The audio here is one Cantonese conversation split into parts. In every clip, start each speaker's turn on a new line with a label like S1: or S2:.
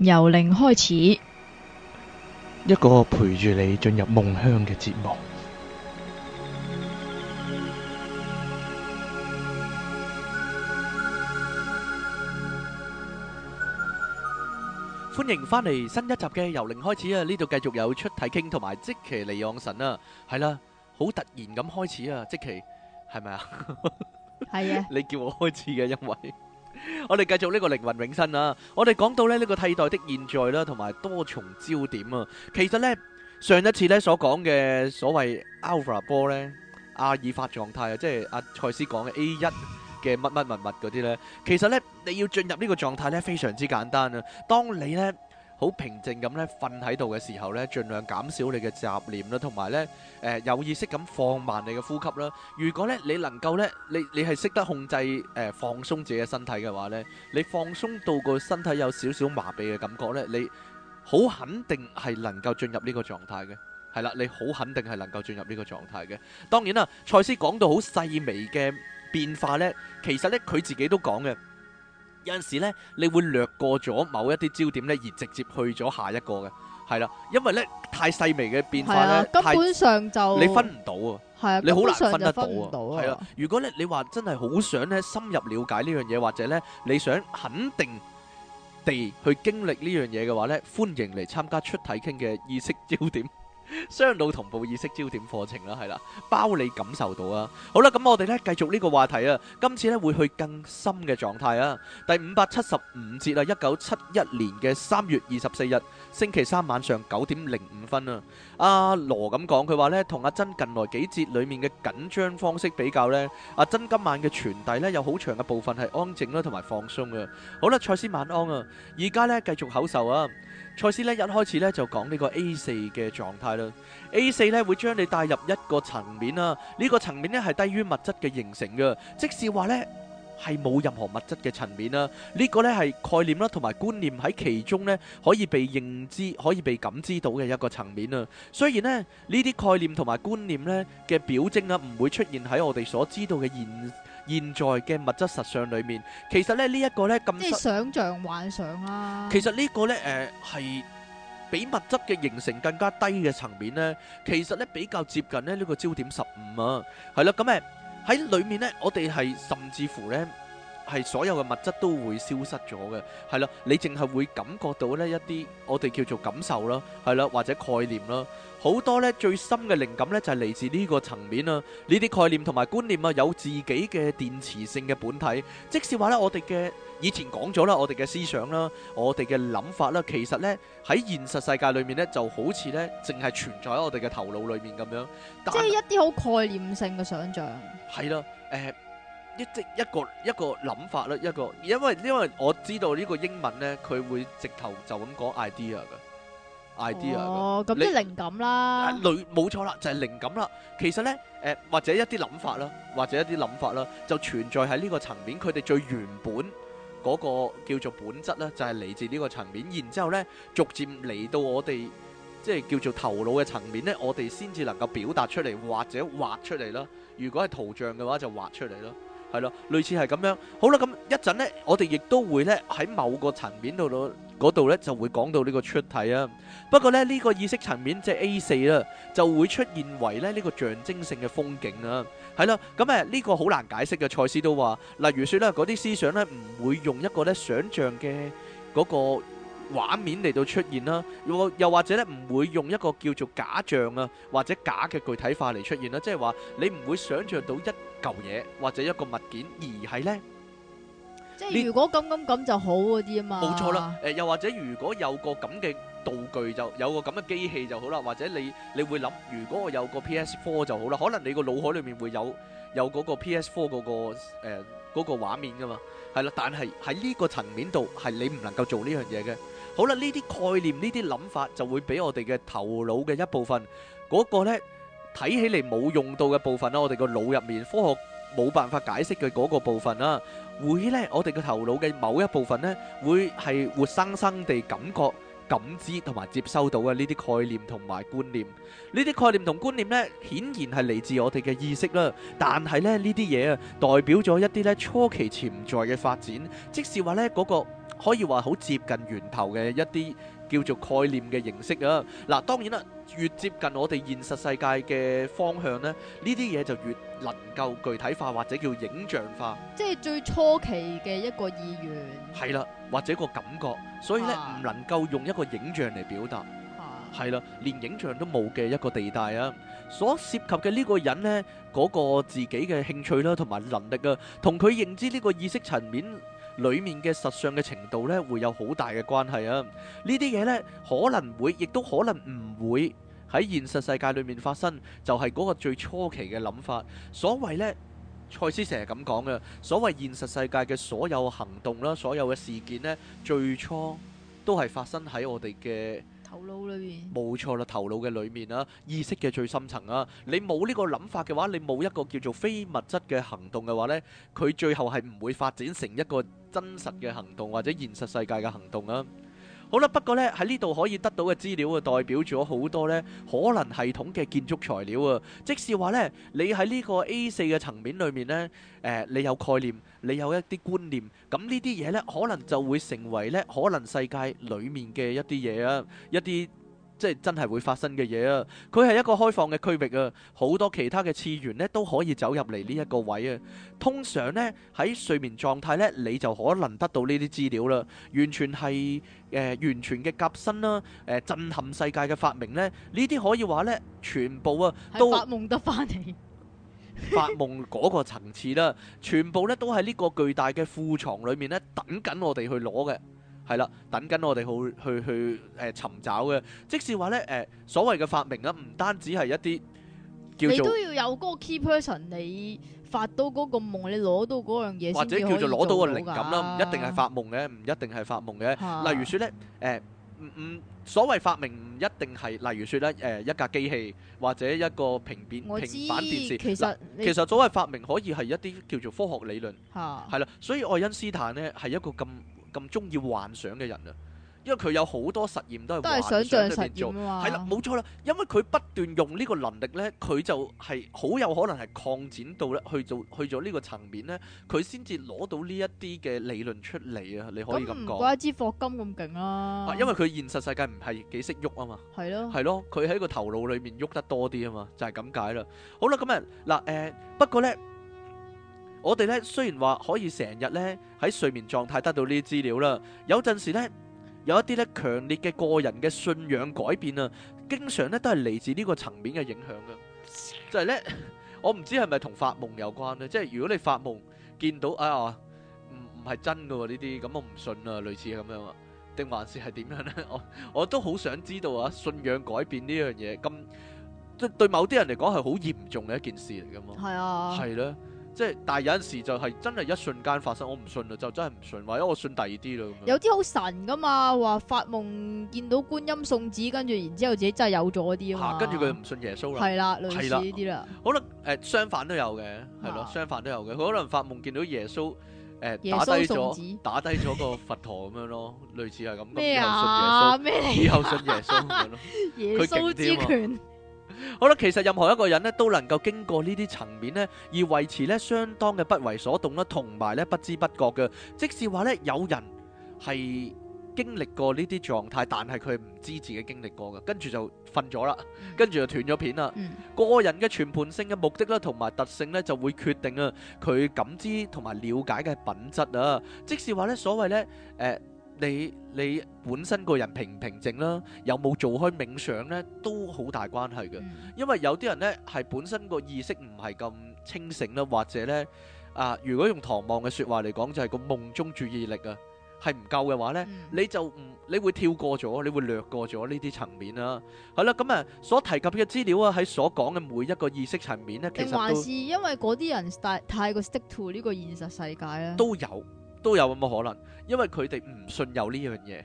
S1: 由零開始，一
S2: 個陪住你進入夢鄉嘅節目。歡迎返嚟新一集嘅由零開始啊！呢度繼續有出體傾同埋即其離養神啊，係啦，好突然咁開始啊！即其係咪啊？係啊！你叫我開始嘅因為。我哋繼續呢個靈魂永生啊！我哋講到咧呢，呢個替代的現在啦，啊，同埋多重焦點啊。其實呢，上一次呢所講嘅所謂 alpha 波呢，阿爾法狀態啊，即係阿賽斯講嘅 A 一嘅乜乜物物嗰啲呢。其實呢，你要進入呢個狀態呢，非常之簡單啊！當你呢。好平靜咁咧瞓喺度嘅時候咧，盡量減少你嘅雜念啦，同埋咧誒有意識咁放慢你嘅呼吸啦。如果咧你能夠咧，你你係識得控制誒放鬆自己嘅身體嘅話咧，你放鬆到個身體有少少麻痹嘅感覺咧，你好肯定係能夠進入呢個狀態嘅。係啦，你好肯定係能夠進入呢個狀態嘅。當然啦，賽斯講到好細微嘅變化咧，其實咧佢自己都講嘅。有陣時咧，你會略過咗某一啲焦點咧，而直接去咗下一個嘅，係啦，因為咧太細微嘅變化咧，根本上
S1: 就你分唔
S2: 到啊，的你好難分得到啊。係啊，如果咧你話真係好想咧深入了解呢樣嘢，或者咧你想肯定地去經歷呢樣嘢嘅話咧，歡迎嚟參加出體傾嘅意識焦點。雙腦同步意識焦點課程啦，係啦，包你感受到啊！好啦，咁我哋咧繼續呢個話題啊，今次咧會去更深嘅狀態啊，第五百七十五節啊，一九七一年嘅三月二十四日星期三晚上九點零五分啊，阿羅咁講，佢話咧同阿珍近來幾節裡面嘅緊張方式比較咧，阿珍今晚嘅傳遞咧有好長嘅部分係安靜啦，同埋放鬆啊！好啦，賽斯晚安啊，而家咧繼續口授啊。賽斯咧一開始咧就講呢個 A 四嘅狀態啦，A 四咧會將你帶入一個層面啦，呢個層面咧係低於物質嘅形成嘅，即係話咧係冇任何物質嘅層面啦，呢個咧係概念啦同埋觀念喺其中咧可以被認知可以被感知到嘅一個層面啦，雖然咧呢啲概念同埋觀念咧嘅表徵啊唔會出現喺我哋所知道嘅現現在嘅物質實相裏面，其實咧呢一個咧咁即係
S1: 想像幻想啦、啊。其
S2: 實呢個咧誒係比物質嘅形成更加低嘅層面咧，其實咧比較接近咧呢個焦點十五啊，係啦咁誒喺裡面咧，我哋係甚至乎咧。係所有嘅物質都會消失咗嘅，係啦，你淨係會感覺到呢一啲我哋叫做感受啦，係啦，或者概念啦，好多呢最深嘅靈感呢就係嚟自呢個層面啊，呢啲概念同埋觀念啊有自己嘅電磁性嘅本體，即使話呢我哋嘅以前講咗啦，我哋嘅思想啦，我哋嘅諗法啦，其實呢喺現實世界裏面呢就好似呢淨係存在喺我哋嘅頭腦裏面咁樣，
S1: 即係一啲好概念性嘅想象。
S2: 係啦，誒。一即一個一個諗法啦，一個因為因為我知道呢個英文呢，佢會直頭就咁講 idea 噶 idea 哦，咁啲靈
S1: 感啦，
S2: 冇、啊、錯啦，就係、是、靈感啦。其實呢，誒、呃，或者一啲諗法啦，或者一啲諗法啦，就存在喺呢個層面。佢哋最原本嗰個叫做本質呢，就係、是、嚟自呢個層面。然之後呢，逐漸嚟到我哋即係叫做頭腦嘅層面呢，我哋先至能夠表達出嚟，或者畫出嚟咯。如果係圖像嘅話，就畫出嚟咯。係咯，類似係咁樣。好啦，咁一陣咧，我哋亦都會咧喺某個層面度度嗰度咧，就會講到呢個出體啊。不過咧，呢個意識層面即係 A 四啦，就會出現為咧呢個象徵性嘅風景啊。係啦，咁誒呢個好難解釋嘅。賽斯都話，例如說咧，嗰啲思想咧唔會用一個咧想象嘅嗰個畫面嚟到出現啦，又又或者咧唔會用一個叫做假象啊或者假嘅具體化嚟出現啦，即係話你唔會想象到一。舊嘢或者一個物件，而係呢，
S1: 即係如果咁咁咁就好嗰啲啊嘛。冇錯啦，
S2: 誒，又或者如果有個咁嘅道具，就有個咁嘅機器就好啦。或者你你會諗，如果我有個 PS4 就好啦。可能你個腦海裏面會有有嗰個 PS4 嗰個誒嗰個畫面噶嘛，係啦。但係喺呢個層面度，係你唔能夠做呢樣嘢嘅。好啦，呢啲概念呢啲諗法就會俾我哋嘅頭腦嘅一部分嗰個呢。睇起嚟冇用到嘅部分啦，我哋個腦入面科學冇辦法解釋嘅嗰個部分啦，會呢，我哋個頭腦嘅某一部分呢，會係活生生地感覺、感知同埋接收到嘅呢啲概念同埋觀念。呢啲概念同觀念呢，顯然係嚟自我哋嘅意識啦。但係咧呢啲嘢啊，代表咗一啲咧初期潛在嘅發展，即是話呢嗰個可以話好接近源頭嘅一啲叫做概念嘅形式啊！嗱，當然啦，越接近我哋現實世界嘅方向咧，呢啲嘢就越能夠具體化或者叫影像化。
S1: 即係最初期嘅一個意願，
S2: 係啦，或者個感覺，所以咧唔能夠用一個影像嚟表達，係啦，連影像都冇嘅一個地帶啊！所涉及嘅呢個人咧，嗰個自己嘅興趣啦，同埋能力啊，同佢認知呢個意識層面，裡面嘅實相嘅程度咧，會有好大嘅關係啊！呢啲嘢咧，可能會，亦都可能唔會喺現實世界裡面發生，就係嗰個最初期嘅諗法。所謂咧，賽斯成日咁講嘅，所謂現實世界嘅所有行動啦，所有嘅事件咧，最初都係發生喺我哋嘅。
S1: 頭
S2: 腦裏面冇錯啦，頭腦嘅裏面啦、啊，意識嘅最深層啦、啊，你冇呢個諗法嘅話，你冇一個叫做非物質嘅行動嘅話呢，佢最後係唔會發展成一個真實嘅行動或者現實世界嘅行動啦、啊。好啦，不過呢，喺呢度可以得到嘅資料啊，代表咗好多呢可能系統嘅建築材料啊，即係話呢，你喺呢個 A 四嘅層面裏面呢，誒、呃、你有概念，你有一啲觀念，咁呢啲嘢呢可能就會成為呢可能世界裏面嘅一啲嘢啊，一啲。即係真係會發生嘅嘢啊！佢係一個開放嘅區域啊，好多其他嘅次元呢都可以走入嚟呢一個位啊。通常呢，喺睡眠狀態呢，你就可能得到呢啲資料啦。完全係誒、呃，完全嘅革新啦，誒、呃、震撼世界嘅發明呢。呢啲可以話呢，全部啊都發
S1: 夢得翻嚟，
S2: 發夢嗰個層次啦、啊，全部呢都喺呢個巨大嘅庫藏裏面呢，等緊我哋去攞嘅。係啦，等緊我哋去去去誒、呃、尋找嘅。即使話咧誒，所謂嘅發明啊，唔單止係一啲叫做你都要
S1: 有嗰個 key person，你發到嗰個夢，你攞到嗰樣嘢，或者叫做攞到個靈感啦，唔一定係發
S2: 夢嘅，唔一定係發夢嘅。啊、例如説咧誒，唔、呃、唔，所謂發明唔一定係，例如説咧誒，一架機器或者一個平扁平板電視。其實、呃、其實所謂發明可以係一啲叫做科學理論。嚇、啊，係啦、啊，所以愛因斯坦咧係一個咁。咁中意幻想嘅人啊，因為佢有好多實驗都係幻想入邊做，係啦，冇錯啦。因為佢不斷用呢個能力咧，佢就係好有可能係擴展到咧去做去咗呢個層面咧，佢先至攞到呢一啲嘅理論出嚟啊！你可以咁講。咁一
S1: 支霍金咁勁啦。啊，因為佢
S2: 現實世界唔係幾識喐啊嘛。係咯了。係咯，佢喺個頭腦裏面喐得多啲啊嘛，就係咁解啦。好啦，咁啊嗱誒，不過咧。我哋咧雖然話可以成日咧喺睡眠狀態得到呢啲資料啦，有陣時咧有一啲咧強烈嘅個人嘅信仰改變啊，經常咧都係嚟自呢個層面嘅影響噶，就係咧我唔知係咪同發夢有關咧，即係如果你發夢見到啊唔唔係真噶呢啲，咁我唔信啊，類似咁樣啊，定還是係點樣咧？我我都好想知道啊，信仰改變呢樣嘢咁，即對某啲人嚟講係好嚴重嘅一件事嚟噶嘛？係啊，係啦。即係，但係有陣時就係真係一瞬間發生，我唔信啦，就真係唔信。或者我信第二啲啦，有
S1: 啲好神㗎嘛，話發夢見到觀音送子，跟住然之後自己真係有咗啲、啊、跟住佢
S2: 唔信耶穌啦。係啦，類似呢啲啦。可能誒相反都有嘅，係咯、嗯呃，相反都有嘅。佢、啊、可能發夢見到耶穌誒、呃、打低咗，打低咗個佛陀咁樣咯，類似係咁。咩啊？啊咩？以後信耶穌咯。啊、耶穌之權。好啦，其實任何一個人咧都能夠經過呢啲層面咧，而維持咧相當嘅不為所動啦，同埋咧不知不覺嘅。即使話咧有人係經歷過呢啲狀態，但係佢唔知自己經歷過嘅，跟住就瞓咗啦，跟住就斷咗片啦。嗯、個人嘅全盤性嘅目的啦，同埋特性咧，就會決定啊佢感知同埋了解嘅品質啊。即使話咧所謂咧誒。呃你你本身個人平唔平靜啦，有冇做開冥想咧，都好大關係嘅。因為有啲人咧係本身個意識唔係咁清醒啦，或者咧啊，如果用唐望嘅説話嚟講，就係個夢中注意力啊，係唔夠嘅話咧，你就唔你會跳過咗，你會略過咗呢啲層面啦。係啦，咁啊所提及嘅資料啊，喺所講嘅每一個意識層面咧，其實都定還是
S1: 因為嗰啲人太太過 stick to 呢個現實世界啦，
S2: 都有。都有咁嘅可能，因為佢哋唔信有呢樣嘢，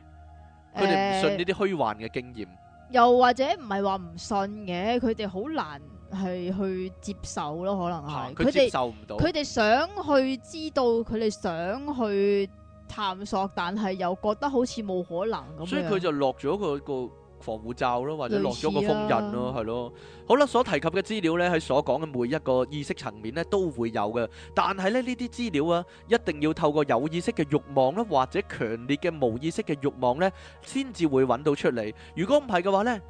S2: 佢哋唔信呢啲虛幻嘅經驗，
S1: 欸，又或者唔係話唔信嘅，佢哋好難係去接受咯，可能係。佢接受唔到。佢哋想去知道，佢哋想去探索，但係又覺得好似冇可能咁。所以佢
S2: 就落咗佢個。防護罩咯，或者落咗個封印咯，係咯。好啦，所提及嘅資料呢，喺所講嘅每一個意識層面呢，都會有嘅。但係咧，呢啲資料啊，一定要透過有意識嘅慾望啦，或者強烈嘅無意識嘅慾望呢，先至會揾到出嚟。如果唔係嘅話呢，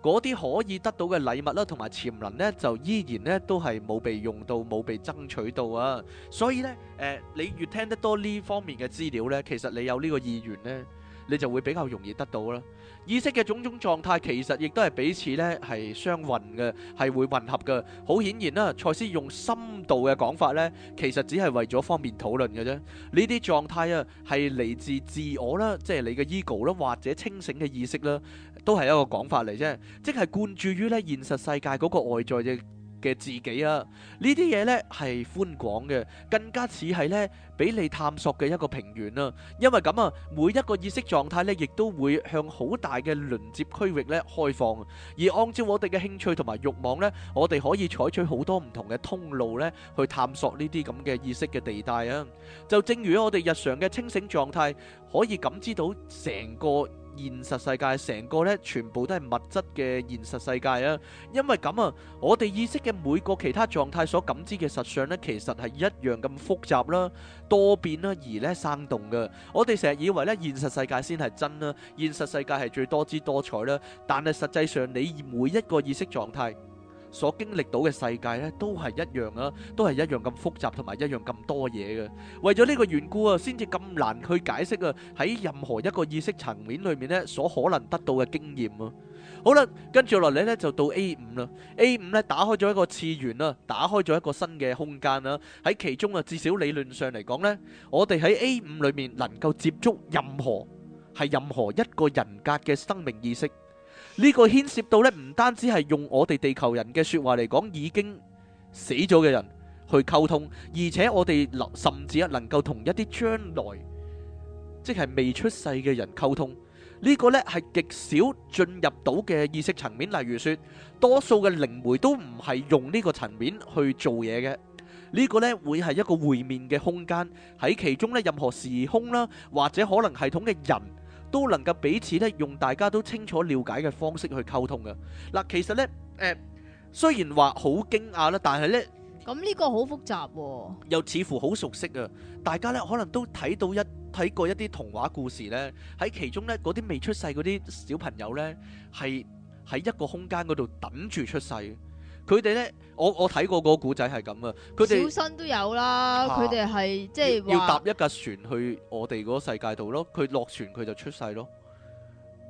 S2: 嗰啲可以得到嘅禮物啦，同埋潛能呢，就依然呢，都係冇被用到，冇被爭取到啊。所以呢，誒，你越聽得多呢方面嘅資料呢，其實你有呢個意願呢。你就會比較容易得到啦。意識嘅種種狀態，其實亦都係彼此咧係相混嘅，係會混合嘅。好顯然啦，賽斯用深度嘅講法咧，其實只係為咗方便討論嘅啫。呢啲狀態啊係嚟自自我啦，即係你嘅 ego 啦，或者清醒嘅意識啦，都係一個講法嚟啫，即係貫注於咧現實世界嗰個外在嘅。嘅自己啊，呢啲嘢呢係寬廣嘅，更加似係呢俾你探索嘅一個平原啊。因為咁啊，每一個意識狀態呢，亦都會向好大嘅連接區域呢開放。而按照我哋嘅興趣同埋欲望呢，我哋可以採取好多唔同嘅通路呢去探索呢啲咁嘅意識嘅地帶啊。就正如我哋日常嘅清醒狀態，可以感知到成個。現實世界成個咧，全部都係物質嘅現實世界啊！因為咁啊，我哋意識嘅每個其他狀態所感知嘅實相咧，其實係一樣咁複雜啦、多變啦，而咧生動嘅。我哋成日以為咧現實世界先係真啦，現實世界係最多姿多彩啦，但係實際上你每一個意識狀態。所經歷到嘅世界咧，都係一樣啊，都係一樣咁複雜同埋一樣咁多嘢嘅。為咗呢個緣故啊，先至咁難去解釋啊。喺任何一個意識層面裏面咧，所可能得到嘅經驗啊。好啦，跟住落嚟咧就到 A 五啦。A 五咧打開咗一個次元啦，打開咗一個新嘅空間啦。喺其中啊，至少理論上嚟講咧，我哋喺 A 五裏面能夠接觸任何，係任何一個人格嘅生命意識。呢個牽涉到咧，唔單止係用我哋地球人嘅說話嚟講，已經死咗嘅人去溝通，而且我哋甚至啊能夠同一啲將來，即係未出世嘅人溝通。呢個咧係極少進入到嘅意識層面。例如說，多數嘅靈媒都唔係用呢個層面去做嘢嘅。呢個咧會係一個會面嘅空間，喺其中咧任何時空啦，或者可能系統嘅人都能夠彼此咧用大家都清楚了解嘅方式去溝通嘅嗱，其實咧誒、呃，雖然話好驚訝啦，但係咧
S1: 咁呢個好複雜，哦，
S2: 又似乎好熟悉啊！大家咧可能都睇到一睇過一啲童話故事咧，喺其中咧嗰啲未出世嗰啲小朋友咧，係喺一個空間嗰度等住出世。佢哋咧，我我睇過個古仔係咁啊，佢哋小
S1: 新都有啦，佢哋係即係話要，要搭一
S2: 架船去我哋嗰世界度咯，佢落船佢就出世咯。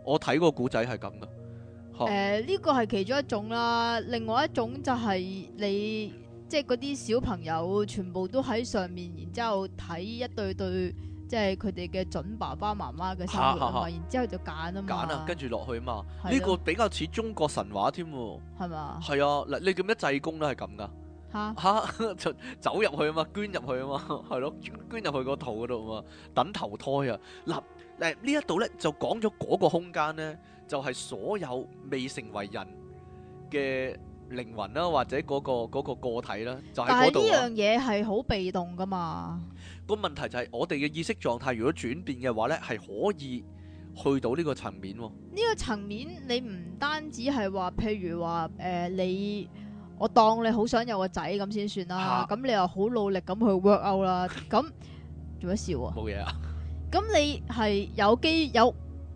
S2: 我睇個古仔係咁噶。誒、啊，
S1: 呢個係其中一種啦，另外一種就係你即係嗰啲小朋友全部都喺上面，然之後睇一對對。即係佢哋嘅準爸爸媽媽嘅生活、啊啊、然之後就揀啊嘛，揀啊，跟
S2: 住落去啊嘛，呢的個比較似中國神話添，係嘛吧？係啊，嗱，你叫咩濟公都係咁噶，吓吓，啊、 就走入去啊嘛，捐入去啊嘛，係咯，捐入去個肚嗰度啊嘛，等投胎啊，嗱、啊，誒、啊、呢一度咧就講咗嗰個空間咧，就係、是、所有未成為人嘅靈魂啦、啊，或者嗰、那個嗰、那個個體啦，就喺度，但係呢樣
S1: 嘢係好被動噶嘛。
S2: 個問題就係我哋嘅意識狀態，如果轉變嘅話咧，係可以去到呢個層面、哦。
S1: 呢個層面你唔單止係話，譬如話誒、呃，你我當你好想有個仔咁先算啦，咁哈你又好努力咁去 work out 啦，咁做一笑啊？冇嘢啊！咁你係有機有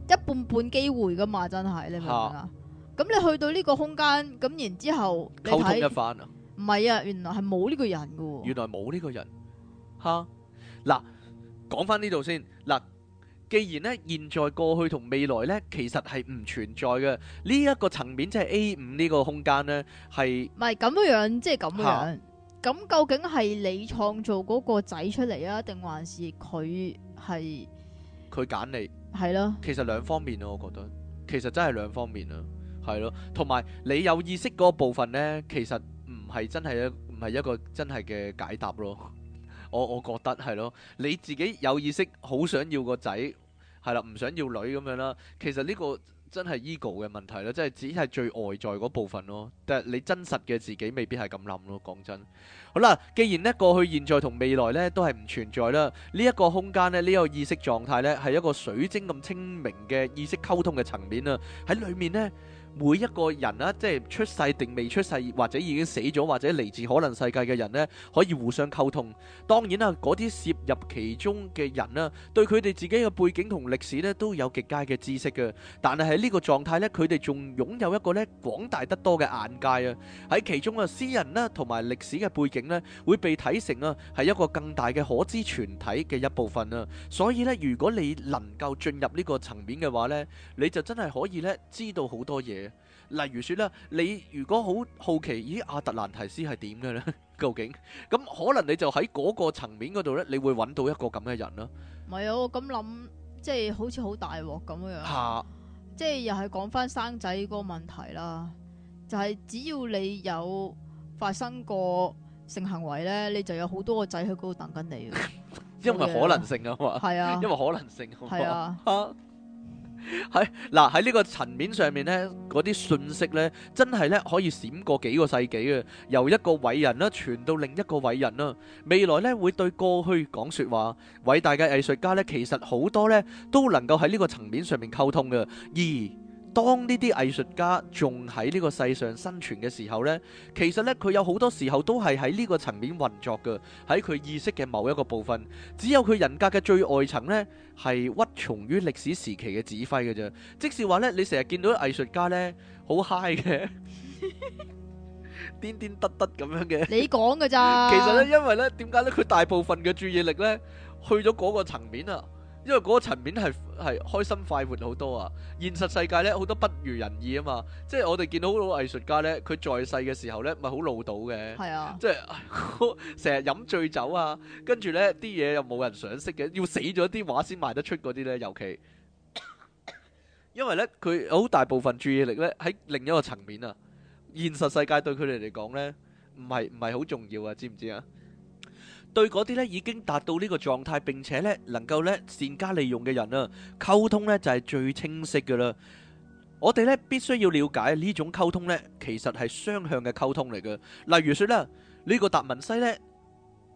S1: 一半半機會噶嘛？真係你明唔明啊？咁哈你去到呢個空間，咁然之後你溝通一番啊？唔係啊，原來係冇呢個人噶。
S2: 原來冇呢個人，吓？嗱，講翻呢度先。嗱，既然呢，現在過去同未來呢，其實係唔存在嘅。呢、這、一個層面即係、就是、A 五呢個空間呢，係唔係咁嘅
S1: 樣？即係咁嘅樣。咁、啊、究竟係你創造嗰個仔出嚟啊，定還是佢係
S2: 佢揀你？係咯。其實兩方面咯，我覺得。其實真係兩方面咯，係咯。同埋你有意識嗰部分呢，其實唔係真係一唔係一個真係嘅解答咯。我我覺得係咯，你自己有意識好想要個仔，係啦，唔想要女咁樣啦。其實呢個真係 ego 嘅問題啦，即係只係最外在嗰部分咯。但係你真實嘅自己未必係咁諗咯。講真，好啦，既然呢過去、現在同未來呢都係唔存在啦，呢一個空間呢，呢個意識狀態呢係一個水晶咁清明嘅意識溝通嘅層面啊，喺裏面呢。每一個人啦，即係出世定未出世，或者已經死咗，或者嚟自可能世界嘅人呢，可以互相溝通。當然啦，嗰啲涉入其中嘅人啦，對佢哋自己嘅背景同歷史呢都有極佳嘅知識嘅。但係喺呢個狀態呢，佢哋仲擁有一個呢，廣大得多嘅眼界啊！喺其中啊，私人啦同埋歷史嘅背景呢，會被睇成啊係一個更大嘅可知全體嘅一部分啊！所以呢，如果你能夠進入呢個層面嘅話呢，你就真係可以呢，知道好多嘢。例如說咧，你如果好好奇，咦，阿特蘭提斯係點嘅咧？ 究竟？咁可能你就喺嗰個層面嗰度咧，你會揾到一個咁嘅人啦。
S1: 唔係啊，我咁諗，即係好似好大鑊咁樣。嚇！即係又係講翻生仔嗰個問題啦，就係只要你有發生過性行為咧，你就有好多個仔喺嗰度等緊你。因為可能性
S2: 啊嘛。係啊。 因為可能性。係啊。喺嗱喺呢個層面上面咧，嗰啲信息咧，真係咧可以閃過幾個世紀啊。由一個偉人啦傳到另一個偉人啦，未來咧會對過去講說話。偉大嘅藝術家咧，其實好多咧都能夠喺呢個層面上面溝通嘅，而。當呢啲藝術家仲喺呢個世上生存嘅時候呢，其實呢，佢有好多時候都係喺呢個層面運作嘅，喺佢意識嘅某一個部分，只有佢人格嘅最外層呢，係屈從於歷史時期嘅指揮嘅啫。即是話呢，你成日見到藝術家呢，好嗨嘅，顛顛 得得咁樣嘅，你講㗎咋？其實呢，因為呢，點解呢？佢大部分嘅注意力呢，去咗嗰個層面啊。因為嗰個層面係係開心快活好多啊，現實世界咧好多不如人意啊嘛，即係我哋見到好多藝術家咧，佢在世嘅時候咧咪好老到嘅，係啊，是的 即係成日飲醉酒啊，跟住咧啲嘢又冇人賞識嘅，要死咗啲畫先賣得出嗰啲咧，尤其因為咧佢好大部分注意力咧喺另一個層面啊，現實世界對佢哋嚟講咧唔係唔係好重要啊，知唔知啊？對嗰啲咧已經達到呢個狀態，並且咧能夠咧善加利用嘅人啊，溝通咧就係最清晰嘅啦。我哋咧必須要了解呢種溝通咧，其實係雙向嘅溝通嚟嘅。例如說啦，呢個達文西咧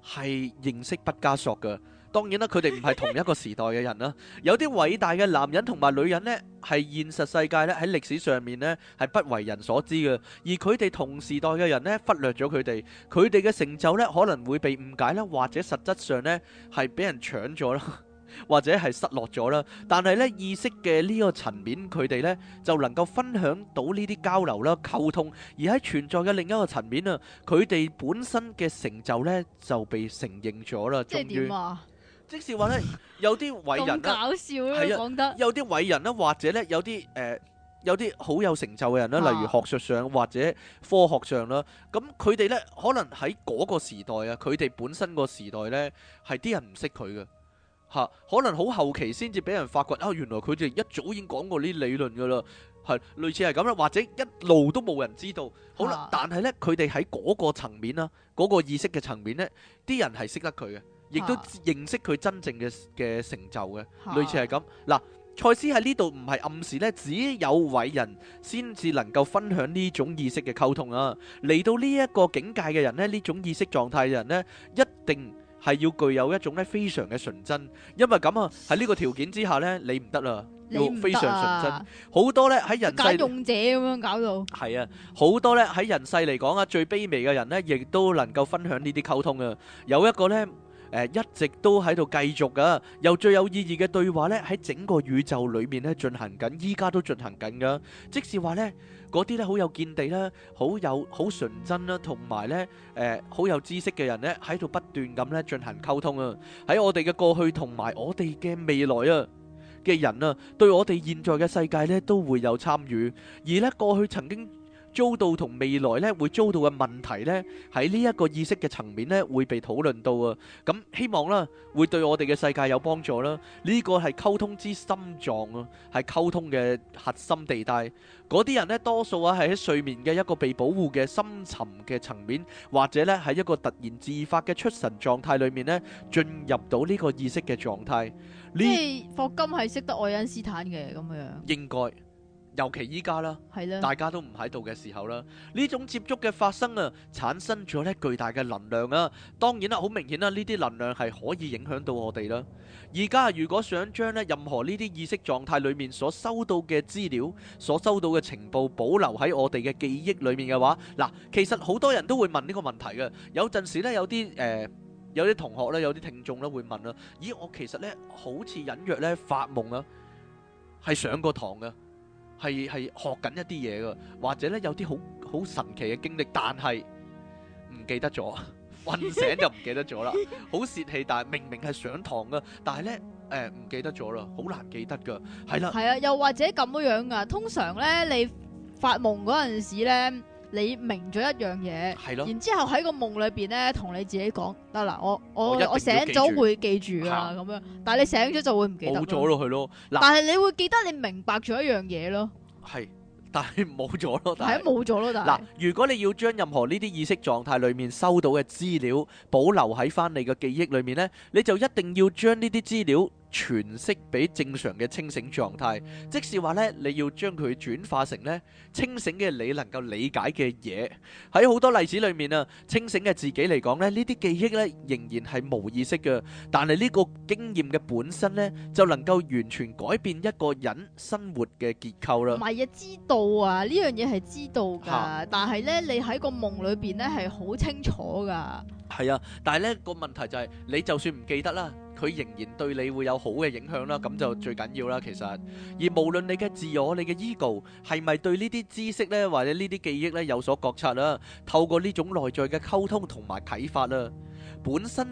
S2: 係認識畢加索嘅。當然啦，佢哋唔係同一個時代嘅人啦。有啲偉大嘅男人同埋女人咧，係現實世界咧喺歷史上面咧係不為人所知嘅。而佢哋同時代嘅人咧忽略咗佢哋，佢哋嘅成就咧可能會被誤解啦，或者實質上咧係俾人搶咗啦，或者係失落咗啦。但係咧意識嘅呢個層面，佢哋咧就能夠分享到呢啲交流啦、溝通。而喺存在嘅另一個層面啊，佢哋本身嘅成就咧就被承認咗啦。終於。即係點啊？即使話咧，有啲偉人咧，搞笑啊，係啊，有啲偉人咧，或者咧，有啲誒，有啲好有成就嘅人咧，例如學術上或者科學上啦，咁佢哋咧可能喺嗰個時代啊，佢哋本身個時代咧係啲人唔識佢嘅，嚇，可能好後期先至俾人發掘啊，原來佢哋一早已經講過呢理論噶啦，係類似係咁啦，或者一路都冇人知道，好啦，但係咧佢哋喺嗰個層面啦，嗰個意識嘅層面咧，啲人係識得佢嘅。亦都認識佢真正嘅嘅成就嘅，類似係咁。嗱，賽斯喺呢度唔係暗示咧，只有偉人先至能夠分享呢種意識嘅溝通啊。嚟到呢一個境界嘅人咧，呢種意識狀態嘅人咧，一定係要具有一種咧非常嘅純真，因為咁啊喺呢個條件之下咧，你唔得啦，要非常純真。好多咧喺人世用
S1: 者咁樣搞到，
S2: 係啊，好多咧喺人世嚟講啊，最卑微嘅人咧，亦都能夠分享呢啲溝通啊。有一個咧。呃，一直都喺度繼續㗎 uh, 遭到同未來呢會遭到嘅問題呢，喺呢一個意識嘅層面呢，會被討論到啊！咁希望啦，會對我哋嘅世界有幫助啦。呢個係溝通之心臟啊，係溝通嘅核心地帶。嗰啲人呢，多數啊係喺睡眠嘅一個被保護嘅深沉嘅層面，或者呢喺一個突然自發嘅出神狀態裏面呢，進入到呢個意識嘅狀態。呢
S1: 霍金係識得愛因斯坦嘅咁樣。
S2: 應該。尤其依家啦，大家都唔喺度嘅時候啦，呢種接觸嘅發生啊，產生咗咧巨大嘅能量啊。當然啦，好明顯啦，呢啲能量係可以影響到我哋啦。而家如果想將咧任何呢啲意識狀態裏面所收到嘅資料、所收到嘅情報保留喺我哋嘅記憶裏面嘅話，嗱，其實好多人都會問呢個問題嘅。有陣時咧，有啲誒，有啲同學咧，有啲聽眾咧會問啦：咦，我其實咧好似隱約咧發夢啊，係上過堂嘅。係係學緊一啲嘢噶，或者咧有啲好好神奇嘅經歷，但係唔記得咗，瞓 醒就唔記得咗啦，好泄 氣。但係明明係上堂噶，但係咧誒唔記得咗啦，好難記得噶，係啦。係啊，
S1: 又或者咁樣噶，通常咧你發夢嗰陣時咧。你明咗一樣嘢，的然之後喺個夢裏邊咧，同你自己講得啦，我我我，我醒咗會記住㗎，咁樣的。但係你醒咗就會唔記得冇咗咯，佢
S2: 咯。但係
S1: 你會記得你明白咗一樣嘢咯。
S2: 係，但係冇咗咯，係冇咗咯，但係。但但如果你要將任何呢啲意識狀態裏面收到嘅資料保留喺翻你嘅記憶裏面呢，你就一定要將呢啲資料。詮釋俾正常嘅清醒狀態，即是話咧，你要將佢轉化成咧清醒嘅你能夠理解嘅嘢。喺好多例子裏面啊，清醒嘅自己嚟講咧，呢啲記憶咧仍然係冇意識嘅，但係呢個經驗嘅本身咧就能夠完全改變一個人生活嘅結構啦。唔
S1: 係啊，知道啊，呢樣嘢係知道噶，但係咧你喺個夢裏邊咧係好清楚噶。
S2: 係啊，但係咧個問題就係你就算唔記得啦。佢仍然對你會有好嘅影響啦，咁就最緊要啦，其實。而無論你嘅自我、你嘅 ego 係咪對呢啲知識呢，或者呢啲記憶呢有所覺察啦，透過呢種內在嘅溝通同埋啟發啦，本身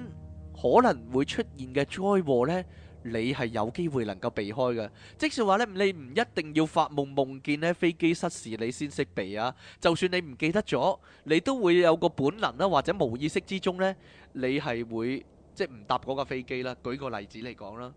S2: 可能會出現嘅災禍呢，你係有機會能夠避開嘅。即係話呢，你唔一定要發夢夢見呢飛機失事你先識避啊，就算你唔記得咗，你都會有個本能啦，或者無意識之中呢，你係會。即係唔搭嗰架飛機啦，舉個例子嚟講啦，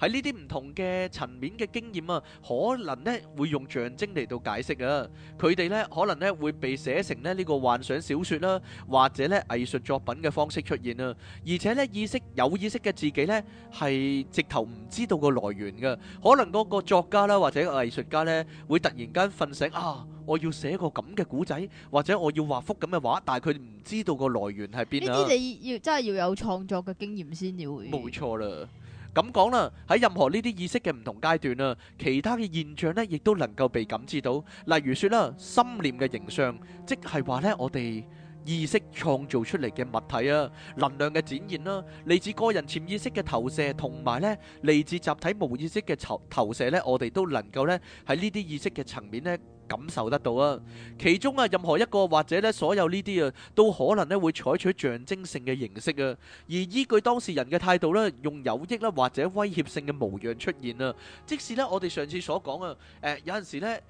S2: 喺呢啲唔同嘅層面嘅經驗啊，可能咧會用象徵嚟到解釋啊，佢哋咧可能咧會被寫成咧呢個幻想小説啦，或者咧藝術作品嘅方式出現啊，而且咧意識有意識嘅自己咧係直頭唔知道個來源嘅，可能嗰個作家啦或者藝術家咧會突然間瞓醒啊。我要寫個咁嘅古仔，或者我要畫幅咁嘅畫，但係佢唔知道個來源係邊啊。呢啲你
S1: 要真係要有創作嘅經驗先至會冇
S2: 錯啦。咁講啦，喺任何呢啲意識嘅唔同階段啦，其他嘅現象咧，亦都能夠被感知到。例如說啦，心念嘅形象，即係話咧，我哋意識創造出嚟嘅物體啊，能量嘅展現啦，嚟自個人潛意識嘅投射，同埋咧嚟自集體無意識嘅投投射咧，我哋都能夠咧喺呢啲意識嘅層面咧。感受得到啊，其中啊，任何一個或者咧，所有呢啲啊，都可能咧會採取象徵性嘅形式啊，而依據當事人嘅態度咧，用有益啦或者威脅性嘅模樣出現啊。即使咧，我哋上次所講啊，誒，有陣時咧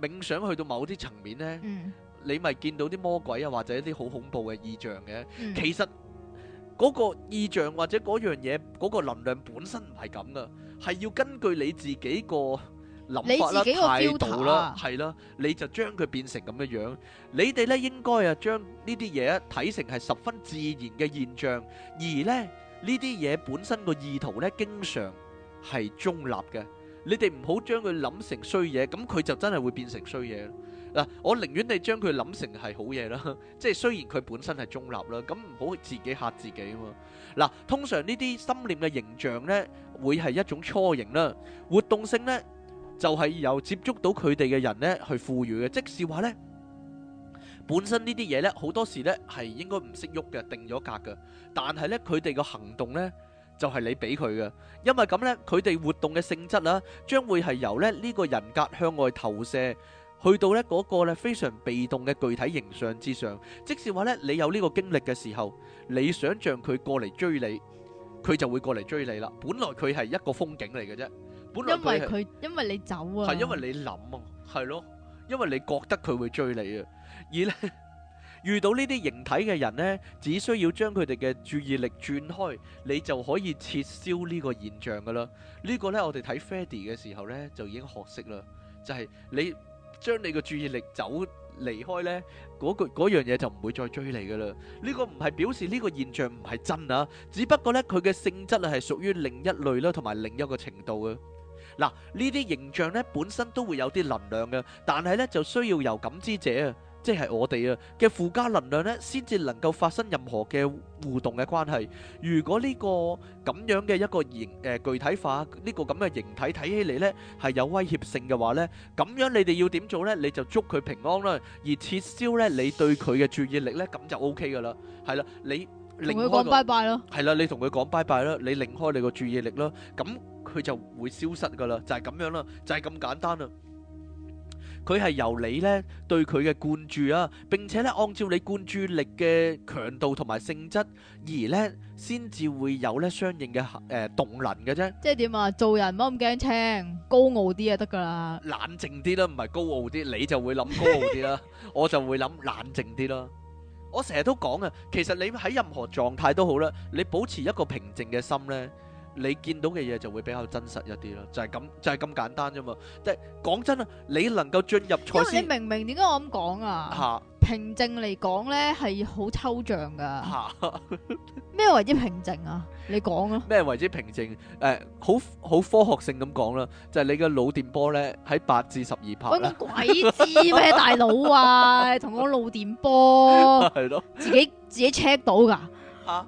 S2: 冥想去到某啲層面咧，嗯，你咪見到啲魔鬼啊，或者一啲好恐怖嘅異象嘅。嗯。其實嗰個異象或者嗰樣嘢嗰個能量本身唔係咁噶，係要根據你自己個。諗法啦，態度啦，係啦，你就將佢變成咁嘅樣。你哋咧應該啊，將呢啲嘢睇成係十分自然嘅現象，而咧呢啲嘢本身個意圖咧，經常係中立嘅。你哋唔好將佢諗成衰嘢，咁佢就真係會變成衰嘢。嗱，我寧願你將佢諗成係好嘢啦，即係雖然佢本身係中立啦，咁唔好自己嚇自己啊嘛。嗱，通常呢啲心念嘅形象咧，會係一種初形啦，活動性咧。就係由接觸到佢哋嘅人咧去賦予嘅，即是話呢，本身呢啲嘢咧好多時咧係應該唔識喐嘅，定咗格嘅。但係呢，佢哋嘅行動呢，就係、是、你俾佢嘅，因為咁呢，佢哋活動嘅性質啦、啊，將會係由咧呢、這個人格向外投射去到呢嗰、那個呢非常被動嘅具體形象之上。即是話呢，你有呢個經歷嘅時候，你想像佢過嚟追你，佢就會過嚟追你啦。本來佢係一個風景嚟嘅啫。因為佢，
S1: 因為你走啊，係因為
S2: 你諗啊，係咯，因為你覺得佢會追你啊，而咧遇到呢啲形體嘅人咧，只需要將佢哋嘅注意力轉開，你就可以撤銷呢個現象噶啦。呢個咧我哋睇 Freddy 嘅時候咧就已經學識啦，就係你將你嘅注意力走離開咧，嗰個嗰樣嘢就唔會再追你噶啦。呢個唔係表示呢個現象唔係真啊，只不過咧佢嘅性質啊係屬於另一類啦，同埋另一個程度啊。嗱，呢啲形象咧本身都會有啲能量嘅，但係咧就需要由感知者啊，即係我哋啊嘅附加能量咧，先至能夠發生任何嘅互動嘅關係。如果呢個咁樣嘅一個形誒具體化呢個咁嘅形體睇起嚟咧係有威脅性嘅話咧，咁樣你哋要點做咧？你就祝佢平安啦，而撤銷咧你對佢嘅注意力咧，咁就 OK 噶啦。係啦，你同佢講拜拜咯。係啦，你同佢講拜拜啦，你擰開你個注意力咯，咁。佢就會消失噶啦，就係咁樣啦，就係咁簡單啦。佢係由你咧對佢嘅灌注啊，並且咧按照你灌注力嘅強度同埋性質而咧，先至會有咧相應嘅誒動能嘅啫。
S1: 即係點啊？做人唔好咁驚青，高傲啲啊得噶啦，
S2: 冷靜啲啦，唔係高傲啲，你就會諗高傲啲啦，我就會諗冷靜啲咯。我成日都講啊，其實你喺任何狀態都好啦，你保持一個平靜嘅心咧。你見到嘅嘢就會比較真實一啲咯，就係咁，就係咁簡單啫嘛。即係講真啊，你能夠進入賽斯。因為你明
S1: 明點解我咁講啊？啊平靜嚟講咧係好抽象噶。咩、啊、為之平靜啊？
S2: 你講啊。咩為之平靜？誒、呃，好好科學性咁講啦，就係、是、你嘅腦電波咧喺八至十二拍。鬼知咩 大佬
S1: 啊？同我腦電波係咯， 自己自己 check 到噶嚇，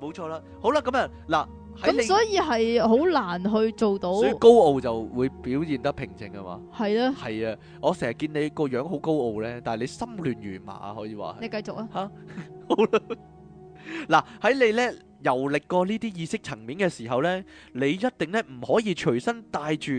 S2: 冇、啊、錯啦。好啦，咁啊嗱。咁所
S1: 以係好難去做到，所以
S2: 高傲就會表現得平靜啊嘛。係啊呢，係啊，我成日見你個樣好高傲咧，但係你心亂如麻可以話。你繼續啊。吓 好了，好 啦。嗱，喺你咧遊歷過呢啲意識層面嘅時候咧，你一定咧唔可以隨身帶住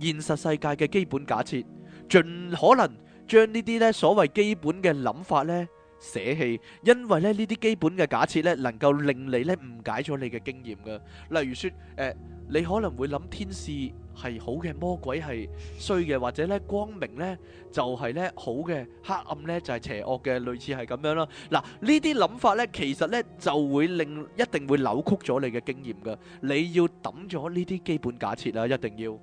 S2: 現實世界嘅基本假設，盡可能將呢啲咧所謂基本嘅諗法咧，捨棄，因為咧呢啲基本嘅假設咧，能夠令你咧誤解咗你嘅經驗噶。例如說，誒，你可能會諗天使係好嘅，魔鬼係衰嘅，或者咧光明咧就係咧好嘅，黑暗咧就係邪惡嘅，類似係咁樣啦。嗱，呢啲諗法咧，其實咧就會令一定會扭曲咗你嘅經驗噶。你要抌咗呢啲基本假設啦，一定要。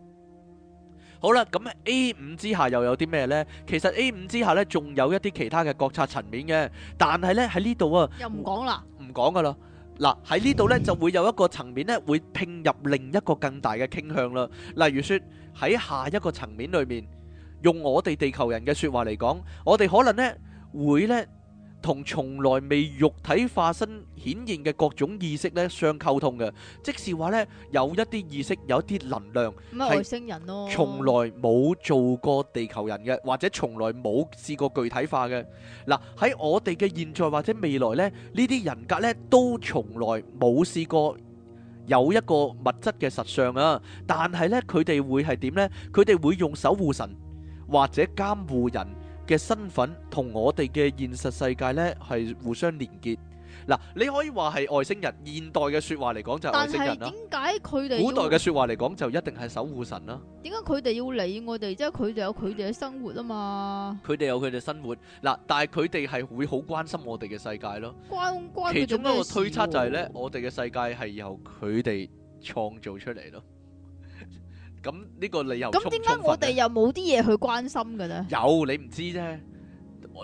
S2: 好啦，咁 A 五之下又有啲咩呢？其實 A 五之下呢，仲有一啲其他嘅國策層面嘅，但係呢喺呢度啊，又
S1: 唔講啦，
S2: 唔講噶啦。嗱喺呢度呢，就會有一個層面呢會拼入另一個更大嘅傾向啦。例如說喺下一個層面裏面，用我哋地球人嘅說話嚟講，我哋可能呢會呢。同從來未肉體化身顯現嘅各種意識咧相溝通嘅，即是話咧，有一啲意識、有一啲能量係外星
S1: 人咯，從
S2: 來冇做過地球人嘅，或者從來冇試過具體化嘅。嗱喺我哋嘅現在或者未來咧，呢啲人格咧都從來冇試過有一個物質嘅實相啊！但係咧佢哋會係點咧？佢哋會用守護神或者監護人。嘅身份同我哋嘅現實世界呢係互相連結。嗱，你可以話係外星人，現代嘅說話嚟講就外星人啦。點
S1: 解佢哋古代嘅
S2: 說話嚟講就一定係守護神啦，
S1: 啊？點解佢哋要理我哋？即係佢哋有佢哋嘅生活啊嘛。
S2: 佢哋有佢哋生活。嗱，但係佢哋係會好關心我哋嘅世界咯。關
S1: 關佢哋點樣？其中一個推測就係
S2: 呢：我哋嘅世界係由佢哋創造出嚟咯。咁呢個理由咁點解我
S1: 哋又冇啲嘢去關心嘅咧？有
S2: 你唔知啫，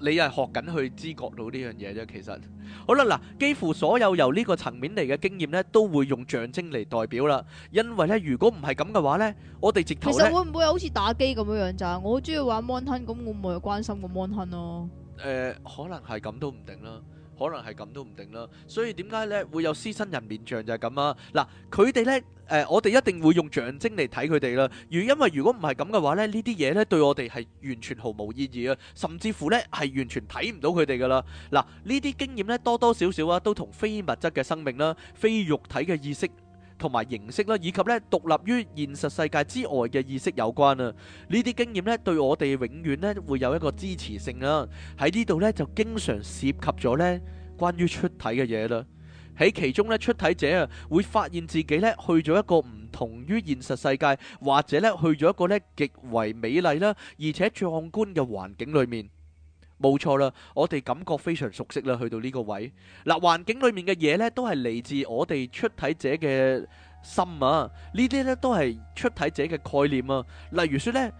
S2: 你又學緊去知覺到呢樣嘢啫。其實好啦，嗱，幾乎所有由呢個層面嚟嘅經驗咧，都會用象徵嚟代表啦。因為咧，如果唔係咁嘅話咧，我哋直頭咧，其實會
S1: 唔會好似打機咁樣樣咋？我好中意玩 monken，咁我咪關心個 monken 咯。
S2: 誒，可能係咁都唔定啦。可能係咁都唔定啦，所以點解咧會有獅身人面像就係咁啊？嗱，佢哋咧誒，我哋一定會用象徵嚟睇佢哋啦。如因為如果唔係咁嘅話咧，呢啲嘢咧對我哋係完全毫無意義啊，甚至乎咧係完全睇唔到佢哋噶啦。嗱，呢啲經驗咧多多少少啊，都同非物質嘅生命啦，非肉體嘅意識，同埋形式啦，以及咧獨立於現實世界之外嘅意識有關啊！呢啲經驗咧對我哋永遠咧會有一個支持性啦。喺呢度咧就經常涉及咗咧關於出體嘅嘢啦。喺其中咧出體者啊會發現自己咧去咗一個唔同於現實世界，或者咧去咗一個咧極為美麗啦而且壯觀嘅環境裏面。冇錯啦，我哋感覺非常熟悉啦。去到呢個位嗱，環境裏面嘅嘢呢都係嚟自我哋出體者嘅心啊。呢啲呢都係出體者嘅概念啊。例如說呢，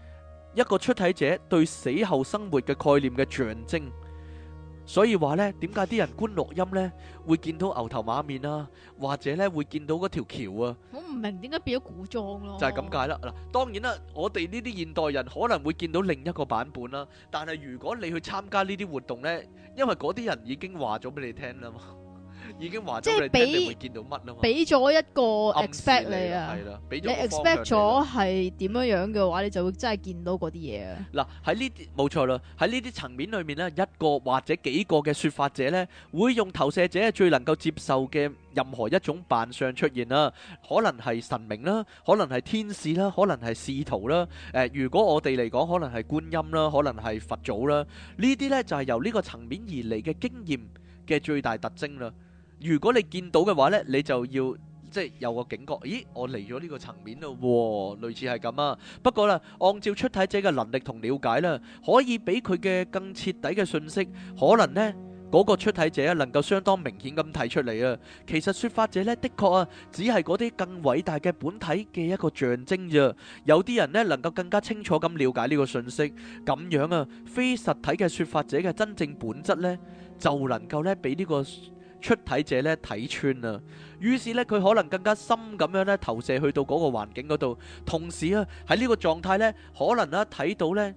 S2: 一個出體者對死後生活嘅概念嘅象徵。所以話咧，點解啲人觀落陰咧會見到牛頭馬面啊，或者咧會見到嗰條橋啊？
S1: 我唔明點解變咗古裝咯？就係咁
S2: 解啦。嗱，當然啦，我哋呢啲現代人可能會見到另一個版本啦，啊。但係如果你去參加呢啲活動咧，因為嗰啲人已經話咗俾你聽啦嘛。嗯 已經話咗，即係俾見到乜啊？俾咗一
S1: 個 expect 你啊，你 expect 咗係點樣樣嘅話，你就會真係見到嗰啲
S2: 嘢啊！嗱，喺呢啲冇錯啦，喺呢啲層面裏面咧，一個或者幾個嘅說法者咧，會用投射者最能夠接受嘅任何一種扮相出現啦，可能係神明啦，可能係天使啦，可能係使徒啦，誒，如果我哋嚟講，可能係觀音啦，可能係佛祖啦，呢啲咧就係由呢個層面而嚟嘅經驗嘅最大特徵啦。如果你見到嘅話咧，你就要即係有個警覺。咦，我嚟咗呢個層面咯，類似係咁啊。不過啦，按照出體者嘅能力同瞭解啦，可以俾佢嘅更徹底嘅信息。可能咧，嗰個出體者啊，能夠相當明顯咁睇出嚟啊。其實説法者咧，的確啊，只係嗰啲更偉大嘅本體嘅一個象徵咋。有啲人咧，能夠更加清楚咁瞭解呢個信息。咁樣啊，非實體嘅説法者嘅真正本質咧，就能夠咧俾呢個。出體者咧睇穿啊，於是咧佢可能更加深咁樣咧投射去到嗰個環境嗰度，同時啊喺呢個狀態咧，可能啦、啊、睇到咧